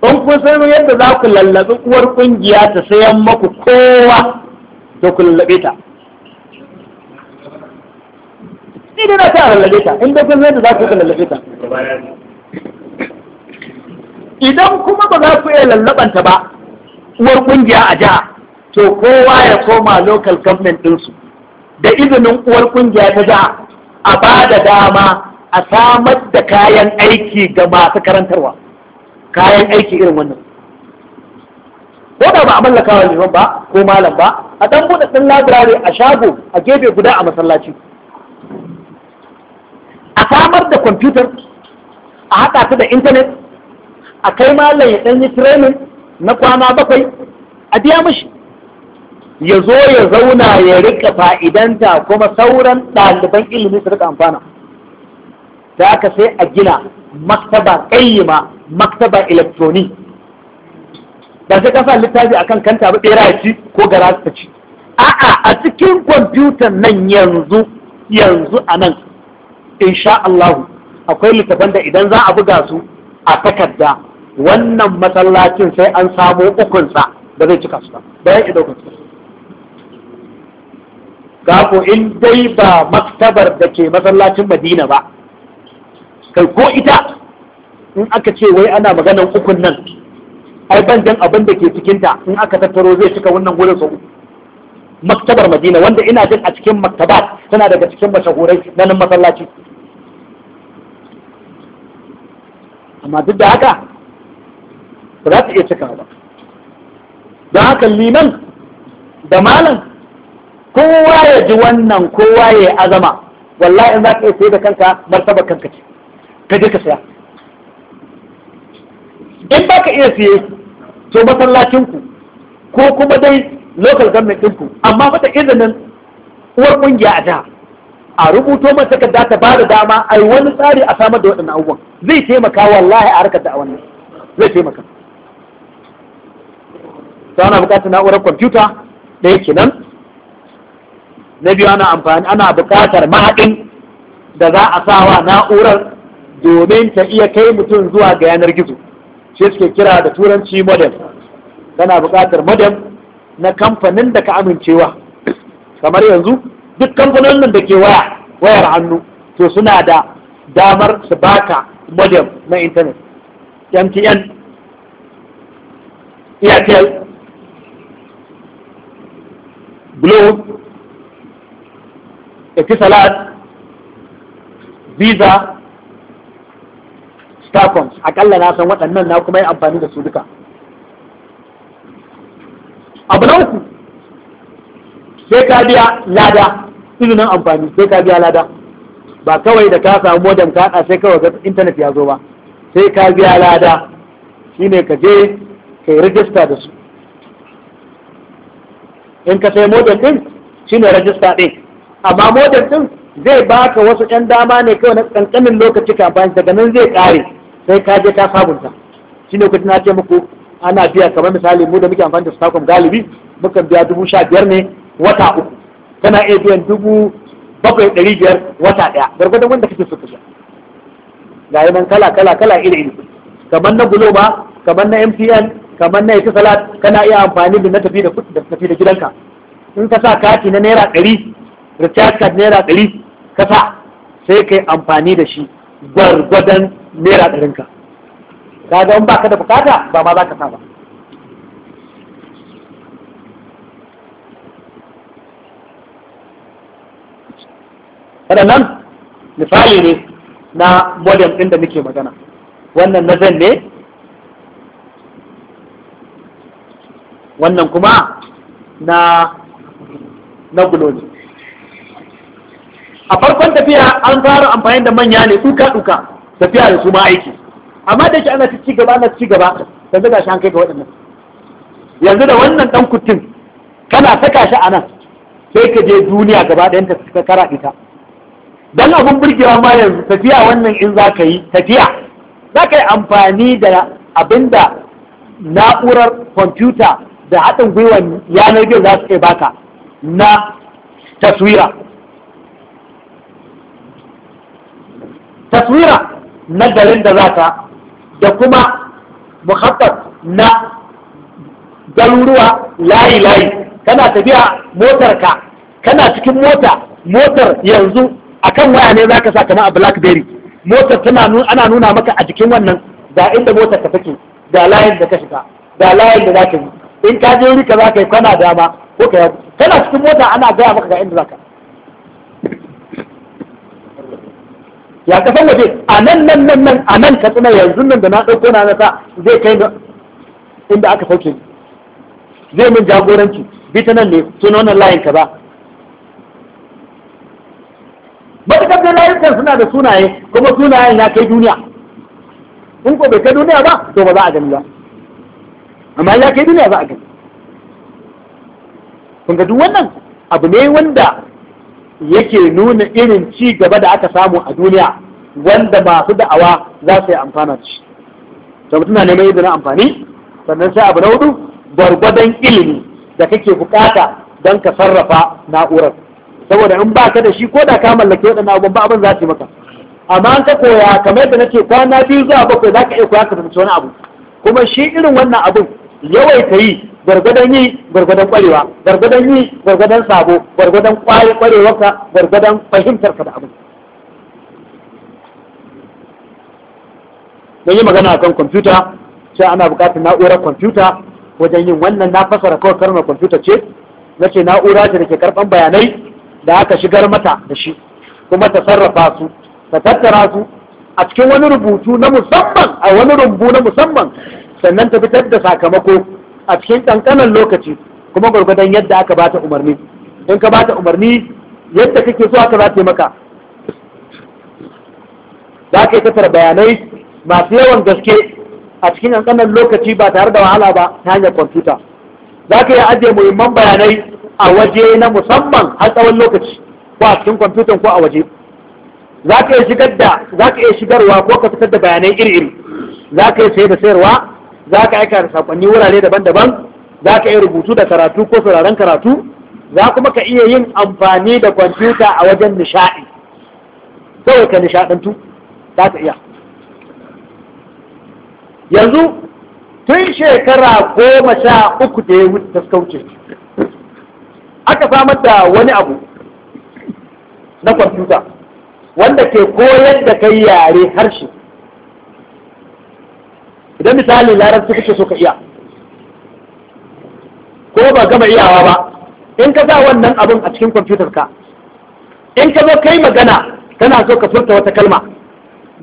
don kun san yadda za ku lallabi uwar kungiya ta sayan maku kowa da ku lallabe ta ni dai na ta lallabe ta in kun san yadda za ku lallabe ta idan kuma ba za ku iya lallabanta ba uwar kungiya a jiha to kowa ya koma local government ɗinsu da izinin uwar kungiya ta za a ba da dama a samar da kayan aiki ga masu karantarwa kayan aiki irin wannan ko da ba a mallaka wa ba ko malam ba a dan buɗe ɗin labirare a shago a gefe guda a masallaci a samar da kwamfutar a haɗa ta da intanet a kai malam ya ɗan yi training na kwana bakwai a biya mashi ya zo ya zauna ya rika fa'idanta kuma sauran ɗaliban ilimi su rika amfana da aka sai a gina maktaba ƙayyima maktaba elektroni da sai kasa littafi akan kanta ba ɗera ci ko gara ta ci a'a a cikin kwamfutan nan yanzu yanzu a nan insha Allah akwai littafan da idan za a buga su a takarda wannan masallacin sai an samo ukunsa da zai cika su ba bayan idan ukunsa Kako in dai ba maktabar da ke masallacin madina ba kai ko ita in aka ce wai ana maganan ukun nan ai banjan abin da ke cikinta in aka tattaro zai cika wannan wurin sau maktabar madina wanda ina jin a cikin maktabat tana daga cikin mashahurai na nan masallaci amma duk da haka ba za ta iya cika ba don haka liman da malam kowa ya ji wannan kowa ya azama wallahi in za ka iya sai da kanka martaba kanka ce ka je ka saya in ba ka iya siye to masallacinku ko kuma dai local government ɗinku amma mata izinin uwar ƙungiya a jiha a rubuto mata takarda ta ba da dama a yi wani tsari a samar da waɗannan abubuwan zai taimaka wallahi a harkar da wannan zai taimaka ta ana buƙatar na'urar kwamfuta ɗaya kenan na biyu ana amfani ana buƙatar mahaɗin da za a sawa na'urar domin ta iya kai mutum zuwa ga yanar gizo shi suke kira da turanci modem kana buƙatar modem na kamfanin da ka amincewa kamar yanzu duk kamfanonin da ke waya wayar hannu to suna da damar su baka modem na intanet mtn airtel ɗauki salat visa starcoms akalla na san waɗannan na kuma yi amfani da su duka abu na uku sai ka biya lada izinin amfani sai ka biya lada ba kawai da ka samu modem ka haɗa sai kawai ga intanet ya zo ba sai ka biya lada ne ka je ka yi rajista da su in ka sai modem ɗin shi ne rajista ɗin amma modal din zai baka wasu ƴan dama ne kawai na ƙanƙanin lokaci kafin daga nan zai kare sai ka je ka sabunta shi ne kudi na ce muku ana biya kamar misali mu da muke amfani da stockholm galibi mukan biya dubu sha biyar ne wata uku kana iya biyan dubu bakwai ɗari biyar wata ɗaya gargadon wanda kake so kusa ga yi nan kala kala kala iri iri kamar na guloba kamar na mtn kamar na ita salat kana iya amfani da na tafi da tafi da gidanka in ka sa kati na naira ɗari recharge card naira ɗari kasa sai kai amfani da shi gwargwadon naira ɗarinka kaga in baka da bukata ba ma za ka sa ba waɗannan misali ne na modem ɗin da muke magana wannan na zan ne wannan kuma na na gulo ne a farkon tafiya an fara amfani da manya ne duka duka tafiya da su ma aiki amma da shi ana ci gaba ana ci gaba yanzu shi an kai ga waɗannan yanzu da wannan dan kutin kana saka shi a nan sai ka je duniya gaba ɗayan ta ka kara ita dan abun burgewa ma yanzu tafiya wannan in za ka yi tafiya za ka yi amfani da abinda na'urar kwamfuta da haɗin gwiwar yanar gizo za su ke baka na taswira taswira na garin da za ta da kuma muhabbat na garuruwa layi-layi kana tafiya motarka kana cikin mota motar yanzu akan waya ne za ka sa kama a blackberry motar tana ana nuna maka a jikin wannan ga inda motar ka take ga layin da ka shiga ga layin da za ka yi in ka je wuri ka za ka yi kwana dama ko ka yi kana cikin mota ana gaya maka ga inda za ka ya kasan waje a nan nan nan nan a nan ka tsina yanzu nan da na ɗauko na nasa zai kai da inda aka sauke zai min jagoranci bi ta nan ne tuna wannan layin ba. matukar da layukan suna da sunaye kuma sunayen ya kai duniya in ko bai kai duniya ba to ba za a gani ba amma ya kai duniya za a gani kun ga duk wannan abu ne wanda yake nuna irin ci gaba da aka samu a duniya wanda masu da'awa za su yi amfana da shi to mutum na neman na amfani sannan sai abu na hudu gwargwadon ilimi da kake bukata don ka sarrafa na'urar saboda in baka da shi ko da ka mallake waɗannan abubuwan ba abin za su yi maka amma an ka koya kamar yadda nake kwana biyu zuwa bakwai za ka iya koya ka fahimci wani abu kuma shi irin wannan abun Yawai ta yi gwargwadon yi gwargwadon kwarewa gwargwadon yi gwargwadon sabo gwargwadon kwarewarka gwargwadon fahimtarka da abu don yi magana akan kwamfuta sai ana bukatar na'urar kwamfuta wajen yin wannan na fasara kawai karnar kwamfuta ce na ce na'ura ce da ke karɓan bayanai da aka shigar mata da shi kuma ta sarrafa su ta tattara su a cikin wani rubutu na musamman a wani rumbu na musamman sannan ta fitar da sakamako a cikin ƙanƙanan lokaci kuma gwargwadon yadda aka bata umarni in ka bata umarni yadda kake so aka za ta maka za ka yi tattara bayanai masu yawan gaske a cikin ƙanƙanan lokaci ba tare da wahala ba ta hanyar kwamfuta za ka yi ajiye muhimman bayanai a waje na musamman har tsawon lokaci ko a cikin kwamfutan ko a waje za ka iya shigar da za ka iya shigarwa ko ka fitar da bayanai iri-iri za ka iya sayar da sayarwa za ka aika da saƙonni wurare daban-daban za ka yi rubutu da karatu ko sauraron karatu za kuma ka iya yin amfani da kwamfuta a wajen nishaɗi kawai ka nishaɗantu za ka iya yanzu tun shekara goma sha uku da ya wuce taskauce aka samar da wani abu na kwamfuta wanda ke koyar da kai yare harshe idan misali larabci kake so ka iya ko ba gama iyawa ba in ka sa wannan abin a cikin kwamfutar ka in ka zo kai magana tana so ka furta wata kalma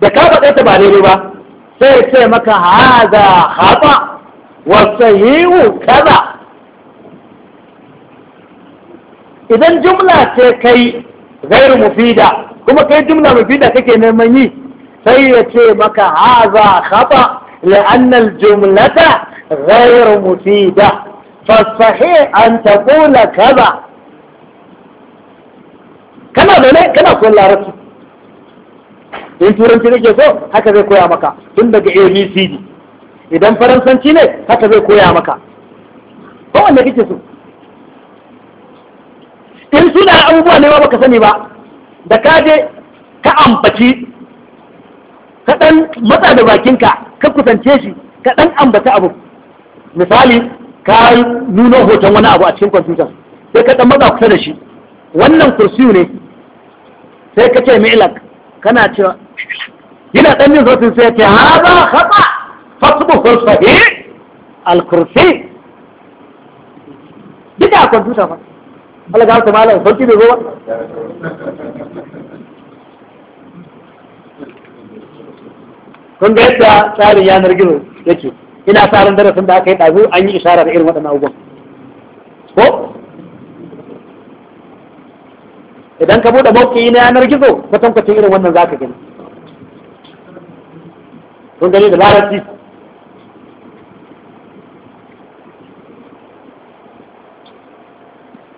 da ka faɗa ta ba daidai ba sai ce maka haza haɓa wasu yiwu kaza idan jumla ce kai gairu mufida kuma kai jumla mufida kake neman yi sai ya ce maka haza haɓa لأن الجملة غير مفيدة فالصحيح أن تقول كذا كما بني كما كل رسم in turanci nake so haka zai koya maka tun daga abcd idan faransanci ne haka zai koya maka ko wanda kake so in suna abubuwa ne ba baka sani ba da ka je ka ambaci ka dan matsa da bakinka ka kusance shi ka ɗan ambata abu misali ka nuna hoton wani abu a cikin kwamfuta sai ka ɗan maza kusa da shi wannan kursiyu ne sai ka ce milak kana cewa yana ɗan yin sautin sai ce ha za haɓa fasubu kursahi alkursi duka a kwamfuta ba alaga haka malam sauki bai zo ba kun ga yadda tsarin yanar gizo yake ina tsarin darasin da aka yi ɗazu an yi isharar da irin waɗannan abubuwan ko idan ka buɗe mawuƙi na yanar gizo kwatankwacin irin wannan za ka gani kun gani da larabci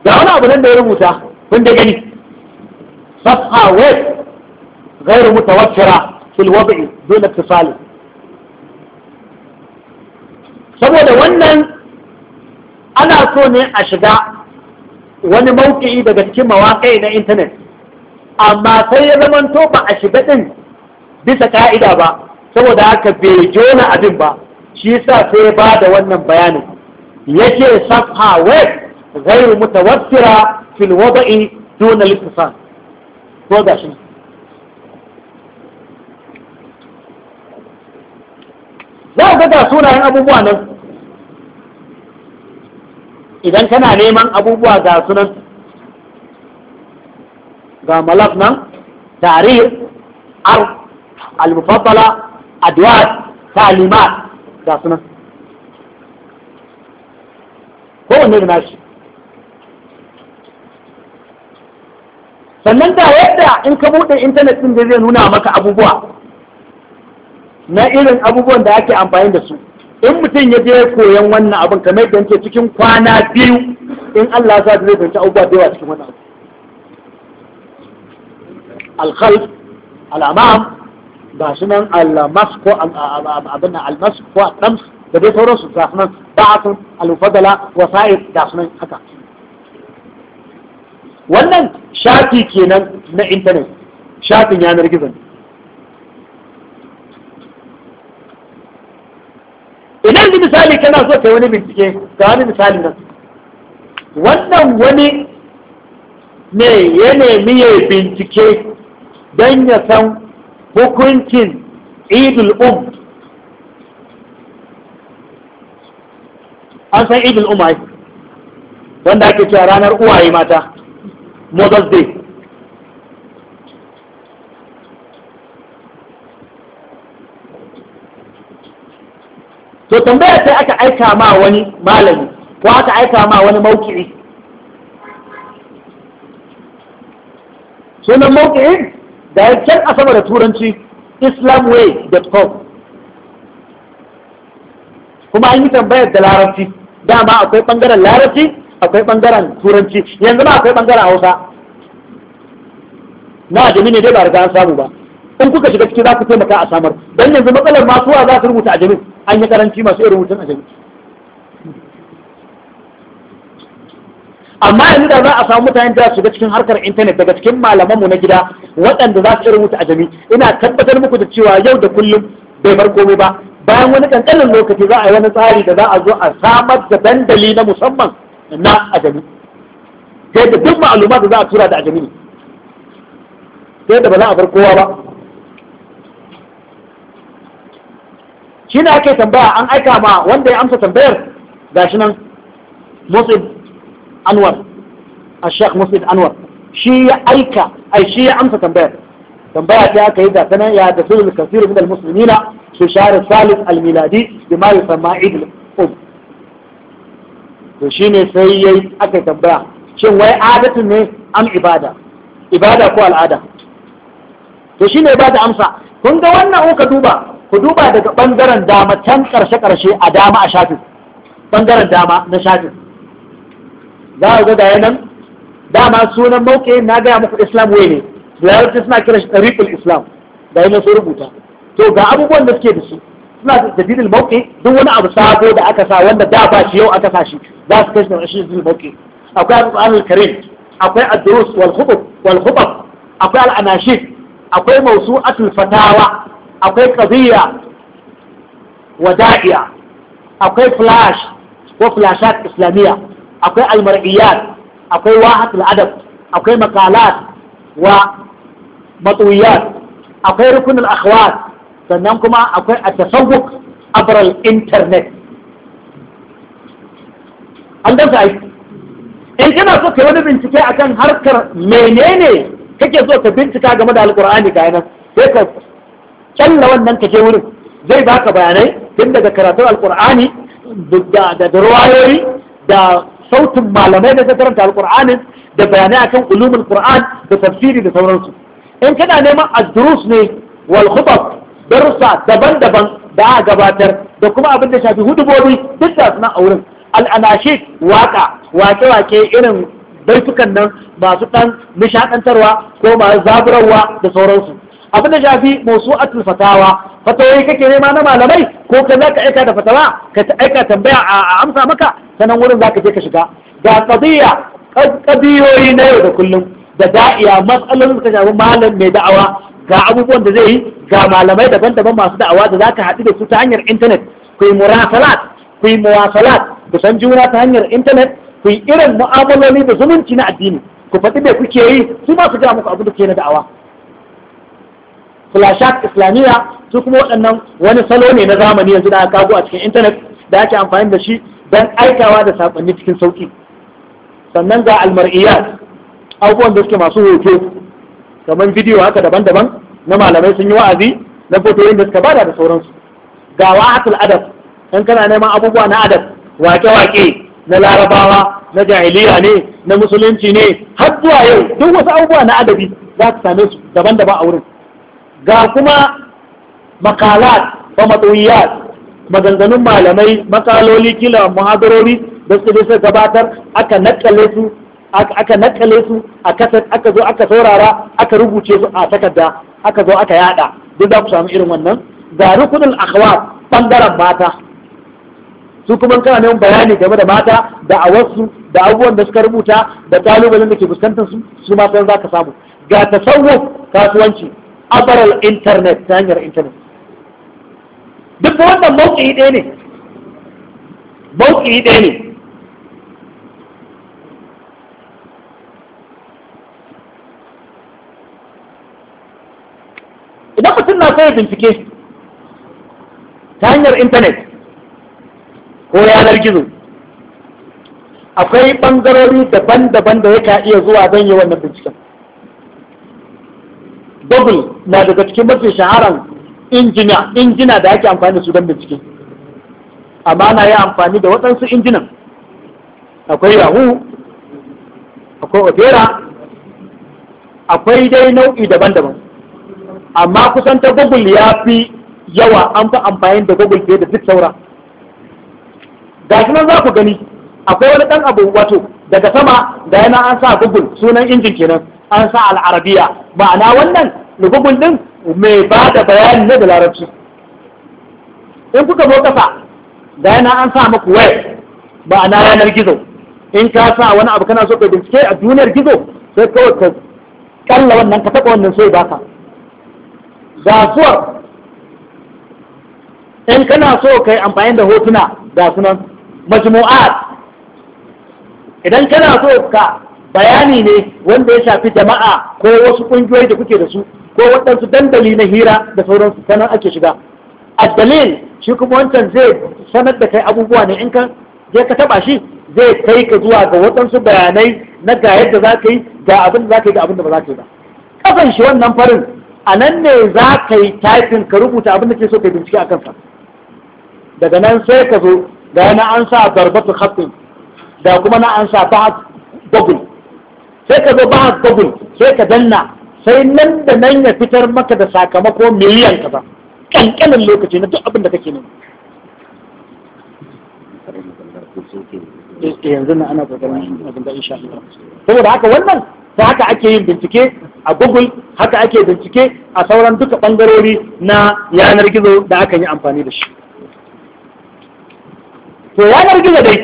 da wani abu nan da ya rubuta kun da gani safha wet gairu shara. fil wada'i dole tisali saboda wannan ana so ne a shiga wani mauki'i daga cikin mawaƙai na intanet amma sai ya zamanto ba a shiga ɗin bisa ka'ida ba saboda haka bai jona abin ba shi sa sai ba da wannan bayanin yake safha web غير متوفرة في الوضع دون الاتصال. هو ده za ka ga sunayen abubuwa nan idan kana neman abubuwa ga sunan ga malaf nan tarihi ar al-mufaddala adwat talimat ga sunan kowanne da nashi sannan da yadda in ka buɗe intanet ɗin da zai nuna maka abubuwa na irin abubuwan da ake amfani da su in mutum ya je koyan wannan abin kamar yadda yake cikin kwana biyu in Allah ya sa zai fahimci abubuwa da yawa cikin wannan abu Alkhal alamam ba su nan al ko abin al ko da dai sauransu ga su nan sun alfadala wa wasa'id ga su nan haka wannan shafi kenan na intanet shafin yanar gizo ne idan da misali kana so ka wani bincike ga wani misali nan wannan wani ne ya nemi ya bincike don ya san hukuncin idul um an san idul umar wanda ake cewa ranar uwaye mata mother's day to tambaya sai aka aika ma wani malami ko aka aika ma wani mauki'i sunan mauki'in da ya a sama da turanci islamway.com kuma an yi tambayar da larabci dama akwai bangaren larabci akwai bangaren turanci yanzu ma akwai bangaren hausa na adami ne dai ba riga an samu ba in kuka shiga ciki za ku taimaka a samar dan yanzu matsalar masu wa za su rubuta ajamin an yi karanci masu irin rubutun ajamin amma yanzu da za a samu mutane da shiga cikin harkar intanet daga cikin malamanmu na gida waɗanda za su rubuta ajami ina tabbatar muku da cewa yau da kullum bai bar komai ba bayan wani kankanin lokaci za a yi wani tsari da za a zo a samar da dandali na musamman na ajami sai da duk ma'aluma da za a tura da ajami ne sai da ba za a bar kowa ba shi ne ake tambaya an aika ma wanda ya amsa tambayar gashi nan musid anwar a sheikh musid anwar shi ya aika ai shi ya amsa tambayar tambaya ta aka yi da sanan ya da sulul kasiru min almuslimina fi shahr salis almiladi bima yusamma idil um to ne sai yayi aka tambaya shin wai adatu ne am ibada ibada ko al'ada to ne ba da amsa kun ga wannan uka duba ku duba daga ɓangaren dama can ƙarshe-ƙarshe a dama a shafin ɓangaren dama na shafin za a ga gaya nan dama sunan mauke na gaya muku islam wai ne da suna kira shi ɗariƙul islam da yana sun rubuta to ga abubuwan da suke da su suna da dalilin mauke duk wani abu sabo da aka sa wanda da ba shi yau aka sa shi za su kai shi da shi dalilin mauke akwai al karim akwai ad-durus wal khutub akwai al-anashid akwai mawsu'atul fatawa akwai qadiyya wada'iya akwai flash ko flashat islamiyya akwai almar'iyat akwai wahatul adab akwai makalat wa matwiyat akwai rukunul akhwat sannan kuma akwai a tasawuk abral internet an danta aiki in ina so ka wani bincike akan harkar menene kake so ka bincika game da alkur'ani ga yanar sai ka tsalla wannan ka je wurin zai baka bayanai tun daga karatun alkur'ani da ruwayoyi da sautin malamai da karanta alkur'anin da bayanai akan ulumul qur'an da tafsiri da sauransu in kana neman addurus ne wal khutab darussa daban-daban da a gabatar da kuma abin da shafi hudubobi duk da suna auren al'anashik waka wake-wake irin baitukan nan masu ɗan nishaɗantarwa ko masu zaburarwa da sauransu abin da shafi masu atul fatawa fatawai kake nema na malamai ko ka zaka aika da fatawa ka ta aika tambaya a amsa maka sanan wurin za ka je ka shiga ga qadiya qadiyoyi na yau da kullum da da'iya matsalolin suka shafi malam mai da'awa ga abubuwan da zai yi ga malamai daban-daban masu da'awa da za ka haɗu da su ta hanyar intanet ku yi murasalat ku yi muwasalat ku san juna ta hanyar intanet ku yi irin mu'amaloli da zumunci na addini ku faɗi da kuke yi su ma su gaya muku abin da ke na da'awa flashat islamiyya su kuma waɗannan wani salo ne na zamani yanzu da aka kago a cikin intanet da ake amfani da shi don aikawa da saƙonni cikin sauƙi sannan ga almar'iyat abubuwan da suke masu hoto kamar bidiyo haka daban-daban na malamai sun yi wa'azi na yin da suka bada da sauransu ga wa'atul adab in kana neman abubuwa na adab wake-wake na larabawa na jahiliya ne na musulunci ne har zuwa yau duk wasu abubuwa na adabi za ka same su daban-daban a wurin ga kuma makalat ba matsoyiyar maganganun malamai makaloli kila muhadarori da su suka gabatar aka nakale su aka nakale su aka zo aka saurara aka rubuce su a takarda aka zo aka yada duk za ku samu irin wannan ga rukunin akhwat bangaren mata su kuma kana neman bayani game da mata da awarsu da abubuwan da suka rubuta da kalubalen da ke fuskantar su su ma san za ka samu ga tasawuf kasuwanci abaral internet ta hanyar internet duk wannan mawuƙi ɗaya ne mawuƙi ɗaya ne idan mutum na sai bincike ta hanyar intanet ko yanar gizo akwai ɓangarori daban-daban da yaka iya zuwa don yi wannan bincike google na daga cikin mafi shaharan injina injina da ake amfani da su don bincike amma na yi amfani da waɗansu injinan akwai yahoo akwai opera akwai dai nau'i daban-daban amma kusan ta google ya fi yawa an fi amfani da google fiye da duk saura ga shi nan za ku gani akwai wani ɗan abu wato daga sama da yana an sa google sunan injin kenan an sa al'arabiya ma'ana wannan lugugun din mai ba da bayanin ne da larabci in kuka zo kasa da yana an sa maku waya ma'ana yanar gizo in ka sa wani abu kana so ka bincike a duniyar gizo sai kawai ka kalla wannan ka taɓa wannan sai baka gasuwar in kana so ka yi amfani da hotuna ga sunan majmu'at idan kana so ka bayani ne wanda ya shafi jama'a ko wasu ƙungiyoyi da kuke da su ko waɗansu dandali na hira da sauransu sanan ake shiga dalil shi kuma wancan zai sanar da kai abubuwa ne in ka je ka taba shi zai kai ka zuwa ga waɗansu bayanai na ga yadda za ka yi ga abin da za ka yi da abin da ba za ka yi ba Kasan shi wannan farin a nan ne za ka yi typing ka rubuta abin da ke so ka bincike a kansa daga nan sai ka zo ga na an sa darbatu khatin da kuma na an sa ba'd double sai ka zo ba google sai ka danna sai nan da nan ya fitar maka da sakamako miliyan kaza kankanin lokaci na duk abin da kake nema eh, yanzu na ana kokarin abin da insha Allah saboda haka wannan ta haka ake yin bincike a google haka ake bincike a sauran duka bangarori na yanar gizo da aka yi amfani da shi to yanar gizo dai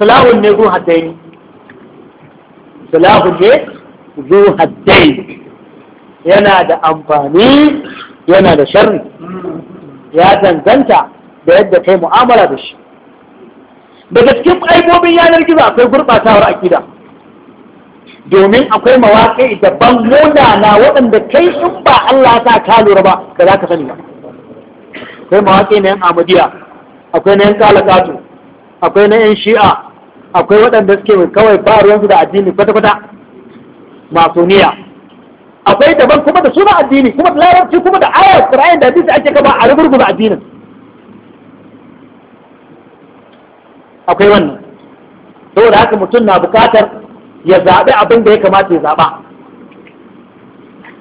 salawun ne zuwa haddaini silahu ne zu haddai yana da amfani yana da sharri ya danganta da yadda kai mu'amala da shi daga cikin aibobin yanar gizo akwai gurɓatawar akida domin akwai mawaƙi daban na waɗanda kai in ba Allah ta ka lura ba ka za ka sani ba akwai mawaƙi na yan amadiya akwai na yan kalakatu akwai na yan shi'a akwai waɗanda suke kawai ba ruwansu da addini kwata-kwata masoniya akwai daban kuma da suna addini kuma da larabci kuma da ayar qur'ani da hadisi ake gaba a da addinin akwai wannan saboda haka mutum na bukatar ya zaɓi abin da ya kamata ya zaɓa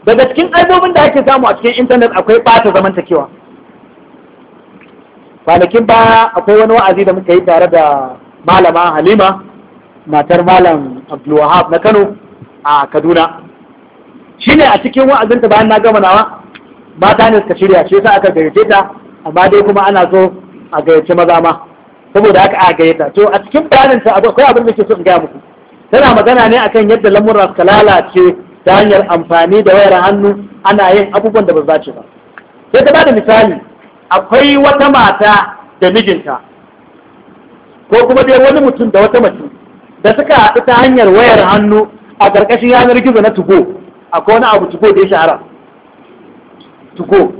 daga cikin aibobin da ake samu a cikin intanet akwai ɓata zamantakewa kwanakin ba akwai wani wa'azi da muka yi tare da malama halima matar malam abdulwahab na kano a kaduna Shi ne a cikin wa'azinta bayan na gama nawa mata ne suka shirya shi yasa aka gayyace ta amma dai kuma ana so a gayyace maza ma saboda haka a gayyata to a cikin bayanin ta akwai abin da ke so in gaya muku tana magana ne akan yadda lamurra suka lalace ta hanyar amfani da wayar hannu ana yin abubuwan da ba za ce ba sai ta ba da misali akwai wata mata da mijinta ko kuma dai wani mutum da wata mace da suka haɗu ta hanyar wayar hannu a ƙarƙashin yanar gizo na tugo akwai wani abu tugo da ya shahara tugo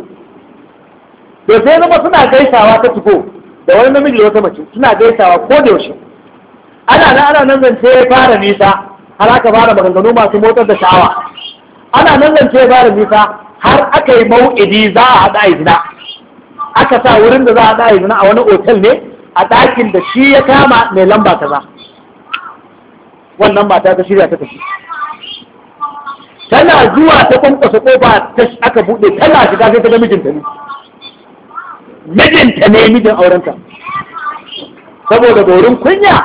da sai zama suna gaisawa ta tugo da wani namiji da wata mace suna gaisawa ko da yaushe ana nan ana nan zance ya fara nisa har aka fara maganganu masu motsar da sha'awa ana nan zance ya fara nisa har aka yi mau'idi za a haɗa aka sa wurin da za a haɗa izina a wani otal ne a ɗakin da shi ya kama mai lamba ta za. wannan ba ta shirya ta tafi tana zuwa ta kwankwasa ƙofa ta aka buɗe tana shiga sai ta ga mijinta ne mijinta ne mijin aurenta saboda gorin kunya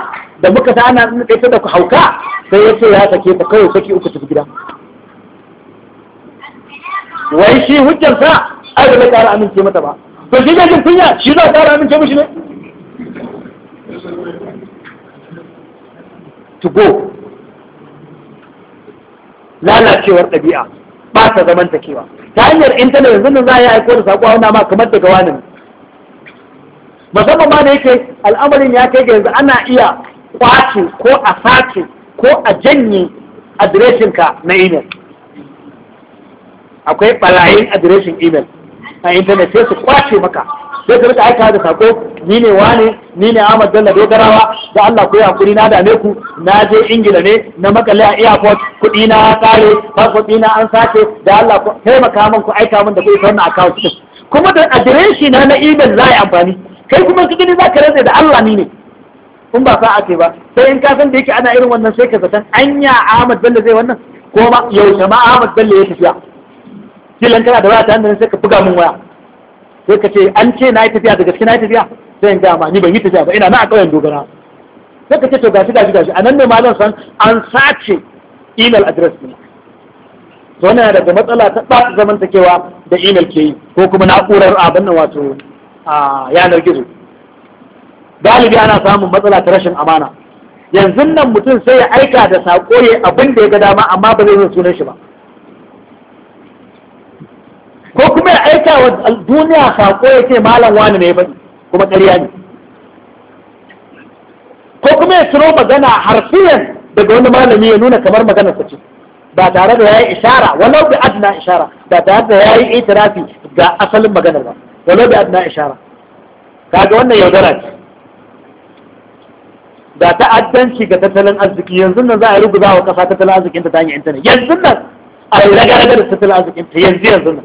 da muka sa ana nuna ta da hauka sai ya ce ya sake ta kawai saki uku tafi gida wai shi hujjarsa ai da bai ƙara amince mata ba to shi ne jin kunya shi za ƙara amince mishi ne to go lalacewar ɗabi'a ba ta zaman kewa. ta hanyar intanet yanzu nan za a yi aiko da saƙo wanda ma kamar daga wani musamman ma da yake al'amarin ya kai ga yanzu ana iya kwace ko a sace ko a janye adireshinka na imel akwai ɓarayin adireshin imel a intanet sai su kwace maka sai ka rika aika da sako ni ne wane, ni ne Ahmad Bello Dogarawa da Allah ku yi hakuri na dame ku na je Ingila ne na makalle a airport kuɗi na kare passport na an sake da Allah ko taimaka min ku aika min da kuɗi sannan account din kuma da adireshi na na email za a yi amfani kai kuma ka gani za ka rantsa da Allah ni ne kun ba sa'a ce ba sai in ka san da yake ana irin wannan sai ka zaton anya Ahmad Bello zai wannan ko ma yaushe ma Ahmad Bello ya tafiya kilan kana da wata nan sai ka buga mun waya sai ka ce an ce na yi tafiya da gaske na yi tafiya sai in ma ni ban yi tafiya ba ina na a ƙauyen dogara sai ka ce to gashi gashi gashi a nan ne malam san an sace email address ne to wannan yana daga matsala ta ɓata zamantakewa da email ke yi ko kuma na'urar abin nan wato a yanar gizo galibi ana samun matsala ta rashin amana yanzu nan mutum sai ya aika da saƙo ya abin da ya ga dama amma ba zai yi sunan shi ba ko kuma ya aika wa duniya sako ya ce malam wani ne ba kuma ƙarya ne ko kuma ya ciro magana harfiyan daga wani malami ya nuna kamar maganar sa ce ba tare da yayi ishara walau bi adna ishara ba tare da yayi itirafi ga asalin maganar ba walau bi adna ishara kaga wannan yaudara ce da ta'addanci ga tattalin arziki yanzu nan za a ruguza wa kasa tattalin arzikin ta hanyar intanet yanzu nan a yi raga da tattalin arzikin ta yanzu yanzu nan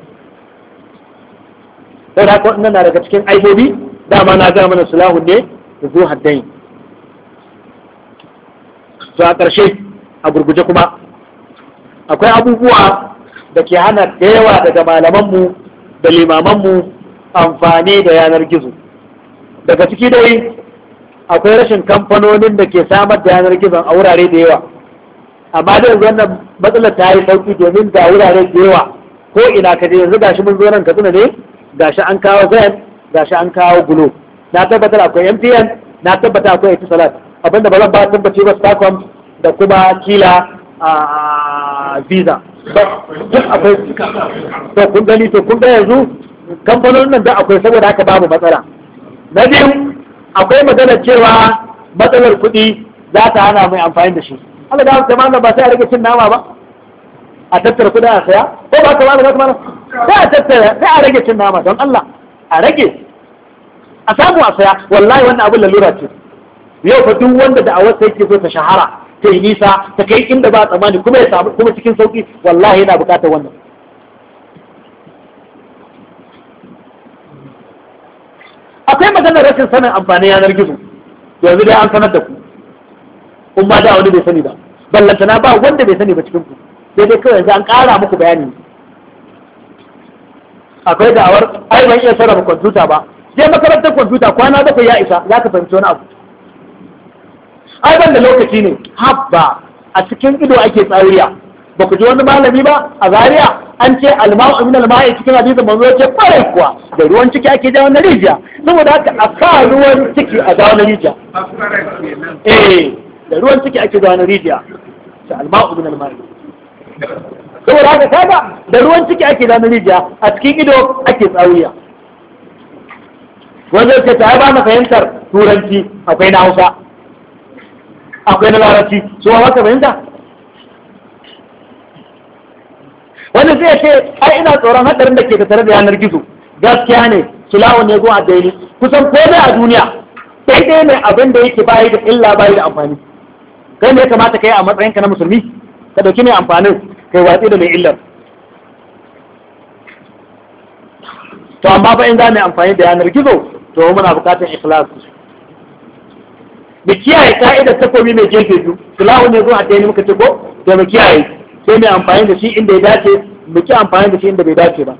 sai da wannan na daga cikin aibobi dama na ga mana sulahu ne da zo haddai to a ƙarshe a gurguje kuma akwai abubuwa da ke hana da yawa daga malamanmu da limamanmu amfani da yanar gizo daga ciki dai akwai rashin kamfanonin da ke samar da yanar gizon a wurare da yawa amma da yanzu wannan matsalar ta yi sauki domin da wurare da yawa ko ina ka je yanzu gashi mun zo nan katsina ne gashi an kawo zen gashi an kawo gulo na tabbatar akwai mpn na tabbata akwai ita salat abinda ba zan ba tabbaci ba starcom da kuma kila a visa akwai to kun gani to kun ga yanzu kamfanonin nan da akwai saboda haka babu matsala na biyu akwai maganar cewa matsalar kuɗi za ta hana mai amfani da shi Allah da haka ba sai a rage cin nama ba a tattara kuɗi a saya ko ba ka ba da mana sai a tattara sai a rage cin nama don Allah a rage a samu a saya wallahi wannan abin lalura ce yau fa duk wanda da awar sai ke so ta shahara ta yi nisa ta kai inda ba tsammani kuma ya samu kuma cikin sauki wallahi yana bukatar wannan akwai maganar rashin sanin amfanin yanar gizo yanzu dai an sanar da ku kuma da wani bai sani ba ballantana ba wanda bai sani ba cikin ku sai dai kawai an ƙara muku bayani akwai da'awar ai ban iya sarrafa kwamfuta ba sai makarantar kwamfuta kwana bakwai ya isa za ka fahimci wani abu ai ban da lokaci ne habba a cikin ido ake tsariya ba ku ji wani malami ba a Zariya? an ce alma'u amina alma'i cikin hadisin manzo ce kwarai kuwa da ruwan ciki ake jawo na rijiya saboda haka a sa ruwan ciki a jawo na rijiya eh da ruwan ciki ake jawo na rijiya ta alma'u amina alma'i saboda haka kaga da ruwan ciki ake da rijiya a cikin ido ake tsawiya wanda ke ta ba na fahimtar turanci akwai na hausa akwai na larabci su ba ka fahimta Wani zai ce ai ina tsoron hadarin da ke tattare da yanar gizo gaskiya ne sulawun ne go daini kusan komai a duniya daidai ne abin da yake bayi da illa bayi da amfani kai ne kamata kai a matsayinka na musulmi ka dauki mai amfanin kai watsi da mai illar to amma fa in za mu amfani da yanar gizo to muna bukatar ikhlas mu kiyaye ka'idar takobi mai gefe biyu sulahu ne zuwa addini muka ce ko to mu kiyaye sai mu amfani da shi inda ya dace mu ki amfani da shi inda bai dace ba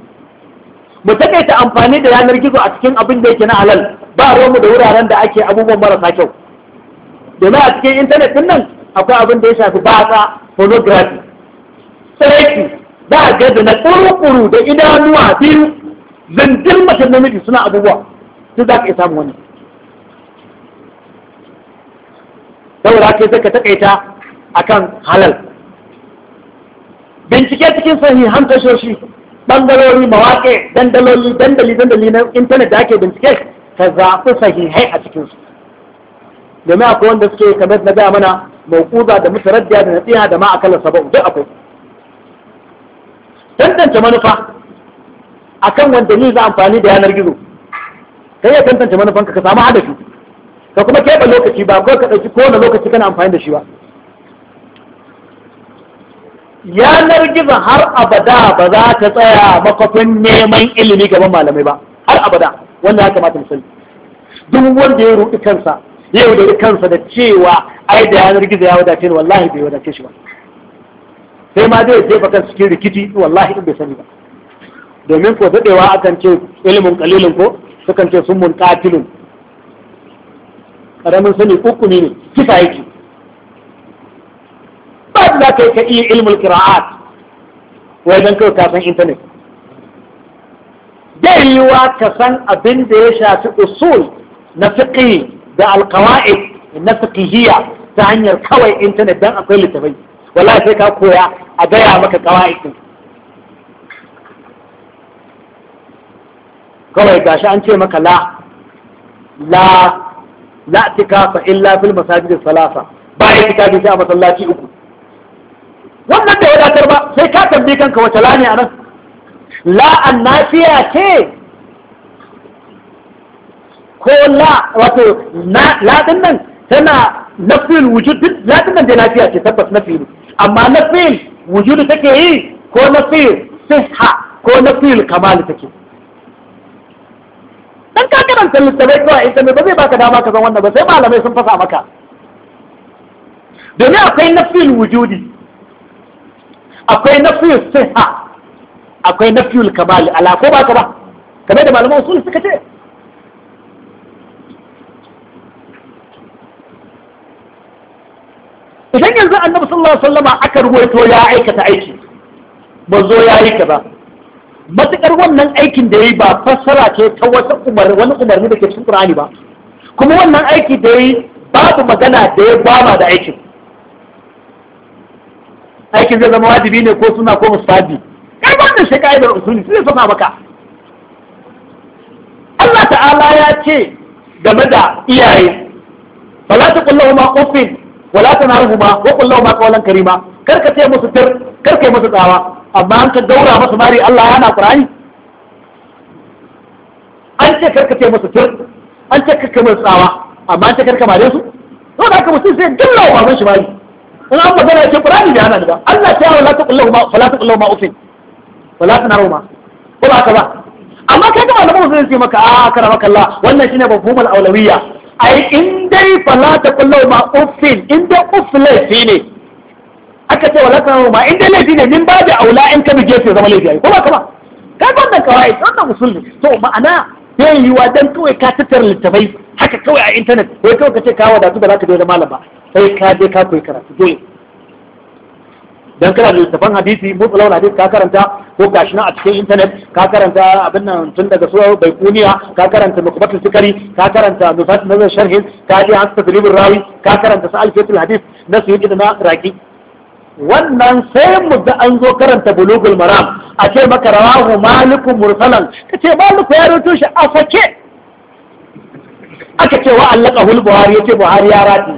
mu takaita amfani da yanar gizo a cikin abin da yake na halal ba ruwanmu da wuraren da ake abubuwan marasa kyau domin a cikin intanet din nan akwai abin da ya shafi batsa pornography tsaraki za a gaza na kurukuru da idanuwa biyu zindin mace namiji suna abubuwa duk za ka iya samu wani saboda ke zaka takaita akan halal bincike cikin sahihan tashoshi bangarori mawaƙe dandaloli dandali dandali na intanet da ake bincike ka zaɓi sahihai a cikinsu domin akwai wanda suke kamar na gaya mana mawquza da mutaraddiya da nasiha da ma akalla sab'u duk akwai tantance manufa akan wanda ni za amfani da yanar gizo kai ya tantance manufanka ka samu hadafi ka kuma keɓe lokaci ba ko ka ɗauki kowane lokaci kana amfani da shi ba yanar gizo har abada ba za ta tsaya makwafin neman ilimi gaban malamai ba har abada wanda ya kamata mu sani duk wanda ya ruɗi kansa yau da kansa da cewa ai da yanar gizo ya wadace ni wallahi bai wadace shi ba sai ma zai jefa kan cikin rikici wallahi in bai sani ba domin ko dadewa akan ce ilimin kalilin ko sukan ce sun mun katilun karamin sani hukumi ne kisa yake ba za ka yi ka iya ilimin kira'at wai don kawai ka san intanet yi yiwa ka san abin da ya shafi usul na fiƙi da alkawa'id na fiqhiyya ta hanyar kawai intanet dan akwai littafai wallahi sai ka koya a gaya maka kawa'id din kawai gashi an ce maka la la la tikafa illa fil masajid salasa ba ya tikafi sai a masallaci uku wannan da wadatar ba sai ka tambayi kanka wace la ne anan la annafiya ce ko la wato la din nan tana na fil wujud duk la din nan da lafiya ce tabbas fil amma na fil wujud take yi ko na fil sihha ko na fil kamal take dan ka karanta littafai kawai ita ba zai baka dama ka san wannan ba sai malamai sun fasa maka domin akwai na fil wujudi akwai na fil sihha akwai na fil kamal ala ko baka ba kamar da malaman sun suka ce idan yanzu annabi sallallahu alaihi wasallama aka ruwaito ya aikata aiki ba zo ya yi ba. matukar wannan aikin da yayi ba fassara ce ta wata umar wani umarni da ke cikin Qur'ani ba kuma wannan aiki da yayi babu magana da ya gwama da aikin aikin zai zama wajibi ne ko suna ko musabi kai wannan shi ka'idar usuli sai sa maka Allah ta'ala ya ce game da iyaye ba za ta kullum ma ufin wala tanharhuma wa qul lahum qawlan karima kar ka ce musu tir kar ka yi musu tsawa amma an ka daura musu mari Allah yana Qur'ani an ce kar ka ce musu tir an ce kar ka musu tsawa amma an ce kar ka mare su to da haka mutum sai dilla wa baban shi mari in an magana ce Qur'ani da yana da Allah ta wala taqul lahum fala taqul lahum ufin wala tanharhuma ko ba ka ba amma kai a karamaka Allah wannan shine ne aulawiyya ai dai fala ta kullau ma uffin in dai uff laifi ne aka ce wala kan ma in dai laifi ne min ba da aula in ka bige su zama laifi ai ko ba kama kai wannan kawai wannan usul to ma'ana bai wa dan kawai ka tattara littafai haka kawai a intanet wai kawai ka ce ka wadatu da zaka je da malam ba sai ka je ka koyi karatu dole dan kana da littafan hadisi mutsalawul hadisi ka karanta ko gashi nan a cikin internet ka karanta abin nan tun daga sura bai kuniya ka karanta mukbatul sukari ka karanta nufat nazar sharhin ka ji an tadribul rawi ka karanta sa'al fitul hadis na suyuti da na raki wannan sai mu ga an zo karanta bulugul maram a ce maka rawahu maliku mursalan ka ce maliku ya rawaito shi a sake aka ce wa allaka hul buhari yace buhari ya rati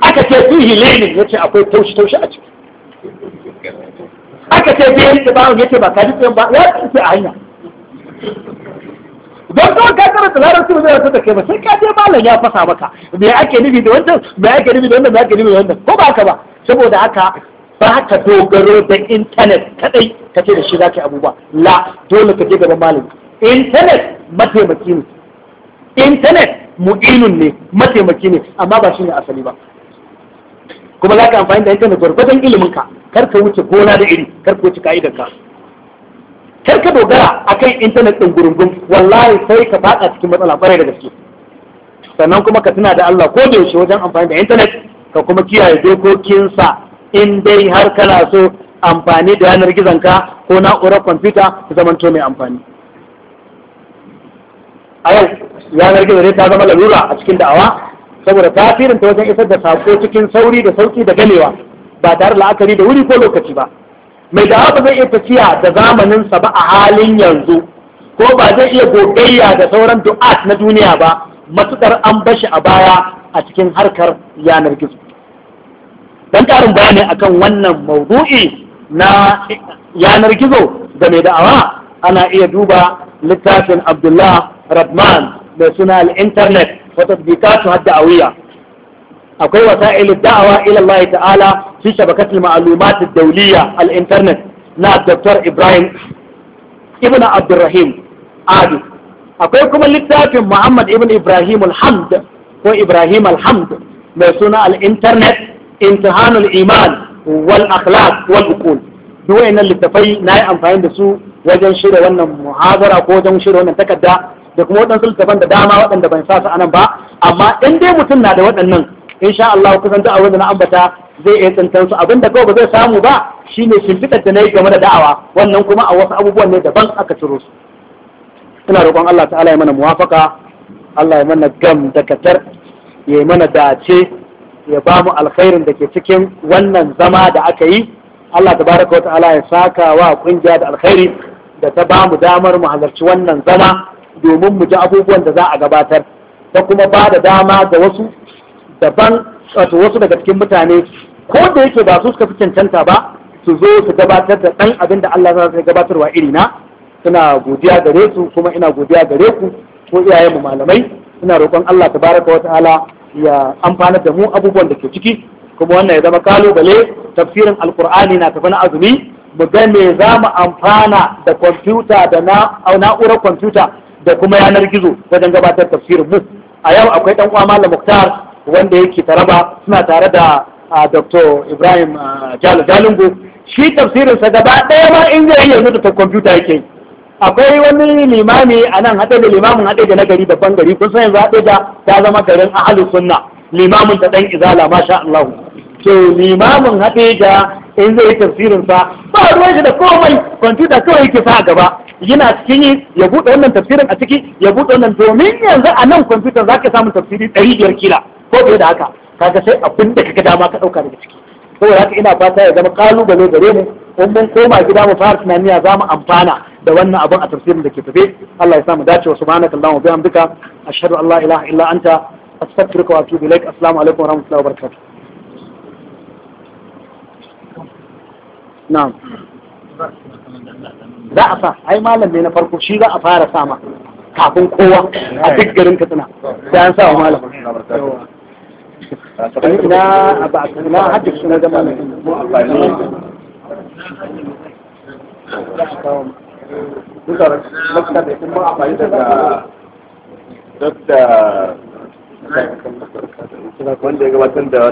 aka ce fi lenin ya ce akwai taushe-taushe a ciki aka ce bai da bawon ya ce ba kaji tsayon ba ya ce a hanya don kawai ka karanta larabci ba zai ta ta kai ba sai ka je malam ya fasa maka me ake nufi da wannan me ake nufi da wannan me ake nufi da wannan ko ba haka ba saboda haka ba ka dogaro da intanet kadai ka ce da shi za ka yi abubuwa la dole ka je gaban malam intanet mataimaki ne intanet mu'inun ne mataimaki ne amma ba shi ne asali ba kuma za ka amfani da intanet gwargwadon ka, kar ka wuce gona da iri kar ka wuce ka kar ka dogara akan intanet ɗin gurungun wallahi sai ka faɗa cikin matsala ƙwarai da gaske sannan kuma ka tuna da Allah ko da yaushe wajen amfani da intanet ka kuma kiyaye dokokinsa in dai har kana so amfani da yanar ka ko na'urar kwamfuta ta zamanto mai amfani a yau yanar gizo ne ta zama lalura a cikin da'awa saboda tasirin ta wajen isar da sako cikin sauri da sauki da ganewa, ba tare la'akari da wuri ko lokaci ba mai da haka zai iya tafiya da zamanin sa ba a halin yanzu ko ba zai iya gogayya da sauran du'at na duniya ba matukar an bashi a baya a cikin harkar yanar gizo dan karin bayani akan wannan maudu'i na yanar gizo da mai da'awa ana iya duba littafin abdullah rahman mai suna al-internet wa tatbiqatu ad-da'awiyya akwai wasa'il da'awa ila Allah ta'ala fi shabakatul ma'lumat ad-dawliya al-internet na Dr. Ibrahim Ibn Abdurrahim Adi akwai kuma littafin Muhammad Ibn Ibrahim al-Hamd ko Ibrahim al-Hamd mai suna al-internet imtihanul iman wal akhlaq wal uqul duk wayannan littafai yi amfani da su wajen shirya wannan muhabara ko wajen shirya wannan takarda da kuma waɗansu littafan da dama waɗanda ban sa su anan ba amma in dai mutum na da waɗannan insha Allah kusan duk abin da na ambata zai iya tsantar su abin da kawai ba zai samu ba shine shimfiɗar da na yi game da da'awa wannan kuma a wasu abubuwan ne daban aka ciro su ina roƙon Allah ta'ala ya mana muwafaka Allah ya mana gam da katar ya yi mana dace ya ba mu alkhairin da ke cikin wannan zama da aka yi Allah tabaraka wa ta'ala ya saka wa kungiya da alkhairi da ta ba mu damar mu halarci wannan zama domin mu ji abubuwan da za a gabatar da kuma ba da dama ga wasu daban wato wasu daga cikin mutane ko da yake ba su suka fi cancanta ba su zo su gabatar da ɗan abin da Allah zai gabatarwa iri na suna godiya gare su kuma ina godiya gare ku ko iyayen mu malamai ina roƙon Allah tabaraka wa ta'ala ya amfana da mu abubuwan da ke ciki kuma wannan ya zama kalubale tafsirin alkur'ani na tafi na azumi mu ga me za mu amfana da kwamfuta da na'urar kwamfuta da kuma yanar gizo wajen gabatar tafsirin mu a yau akwai dan uwa malam muktar wanda yake taraba suna tare da dr ibrahim jalo jalingo shi tafsirin sa gaba ɗaya ma in zai yi da ta kwamfuta yake akwai wani limami a nan haɗe da limamin haɗe da nagari babban gari kun san yanzu haɗe da ta zama garin ahalu sunna limamin ta dan izala masha Allah to limamin haɗe da in zai yi tafsirin sa ba ruwan shi da komai kwamfuta kawai yake sa a gaba yana cikin yi ya buɗe wannan tafsirin a ciki ya buɗe wannan domin yanzu a nan kwamfutar za ka samu tafsiri ɗari biyar kila ko fiye da haka kaga sai abin da kaga dama ka ɗauka daga ciki saboda haka ina fata ya zama ƙalubale gare mu in mun koma gida mu fara tunaniya za mu amfana da wannan abin a tafsirin da ke tafe Allah ya samu dace wa subhanaka allahumma bihamdika ashhadu an la ilaha illa anta astaghfiruka wa atubu ilaik assalamu alaikum wa rahmatullahi wa barakatuh na'am za a sa ai malam ne na farko shi za a fara sama kafin kowa a duk garin katsina sai an sa wa malam na ba na hajjin suna zama ne duka lakta da kuma amfani daga wanda ya gabatar da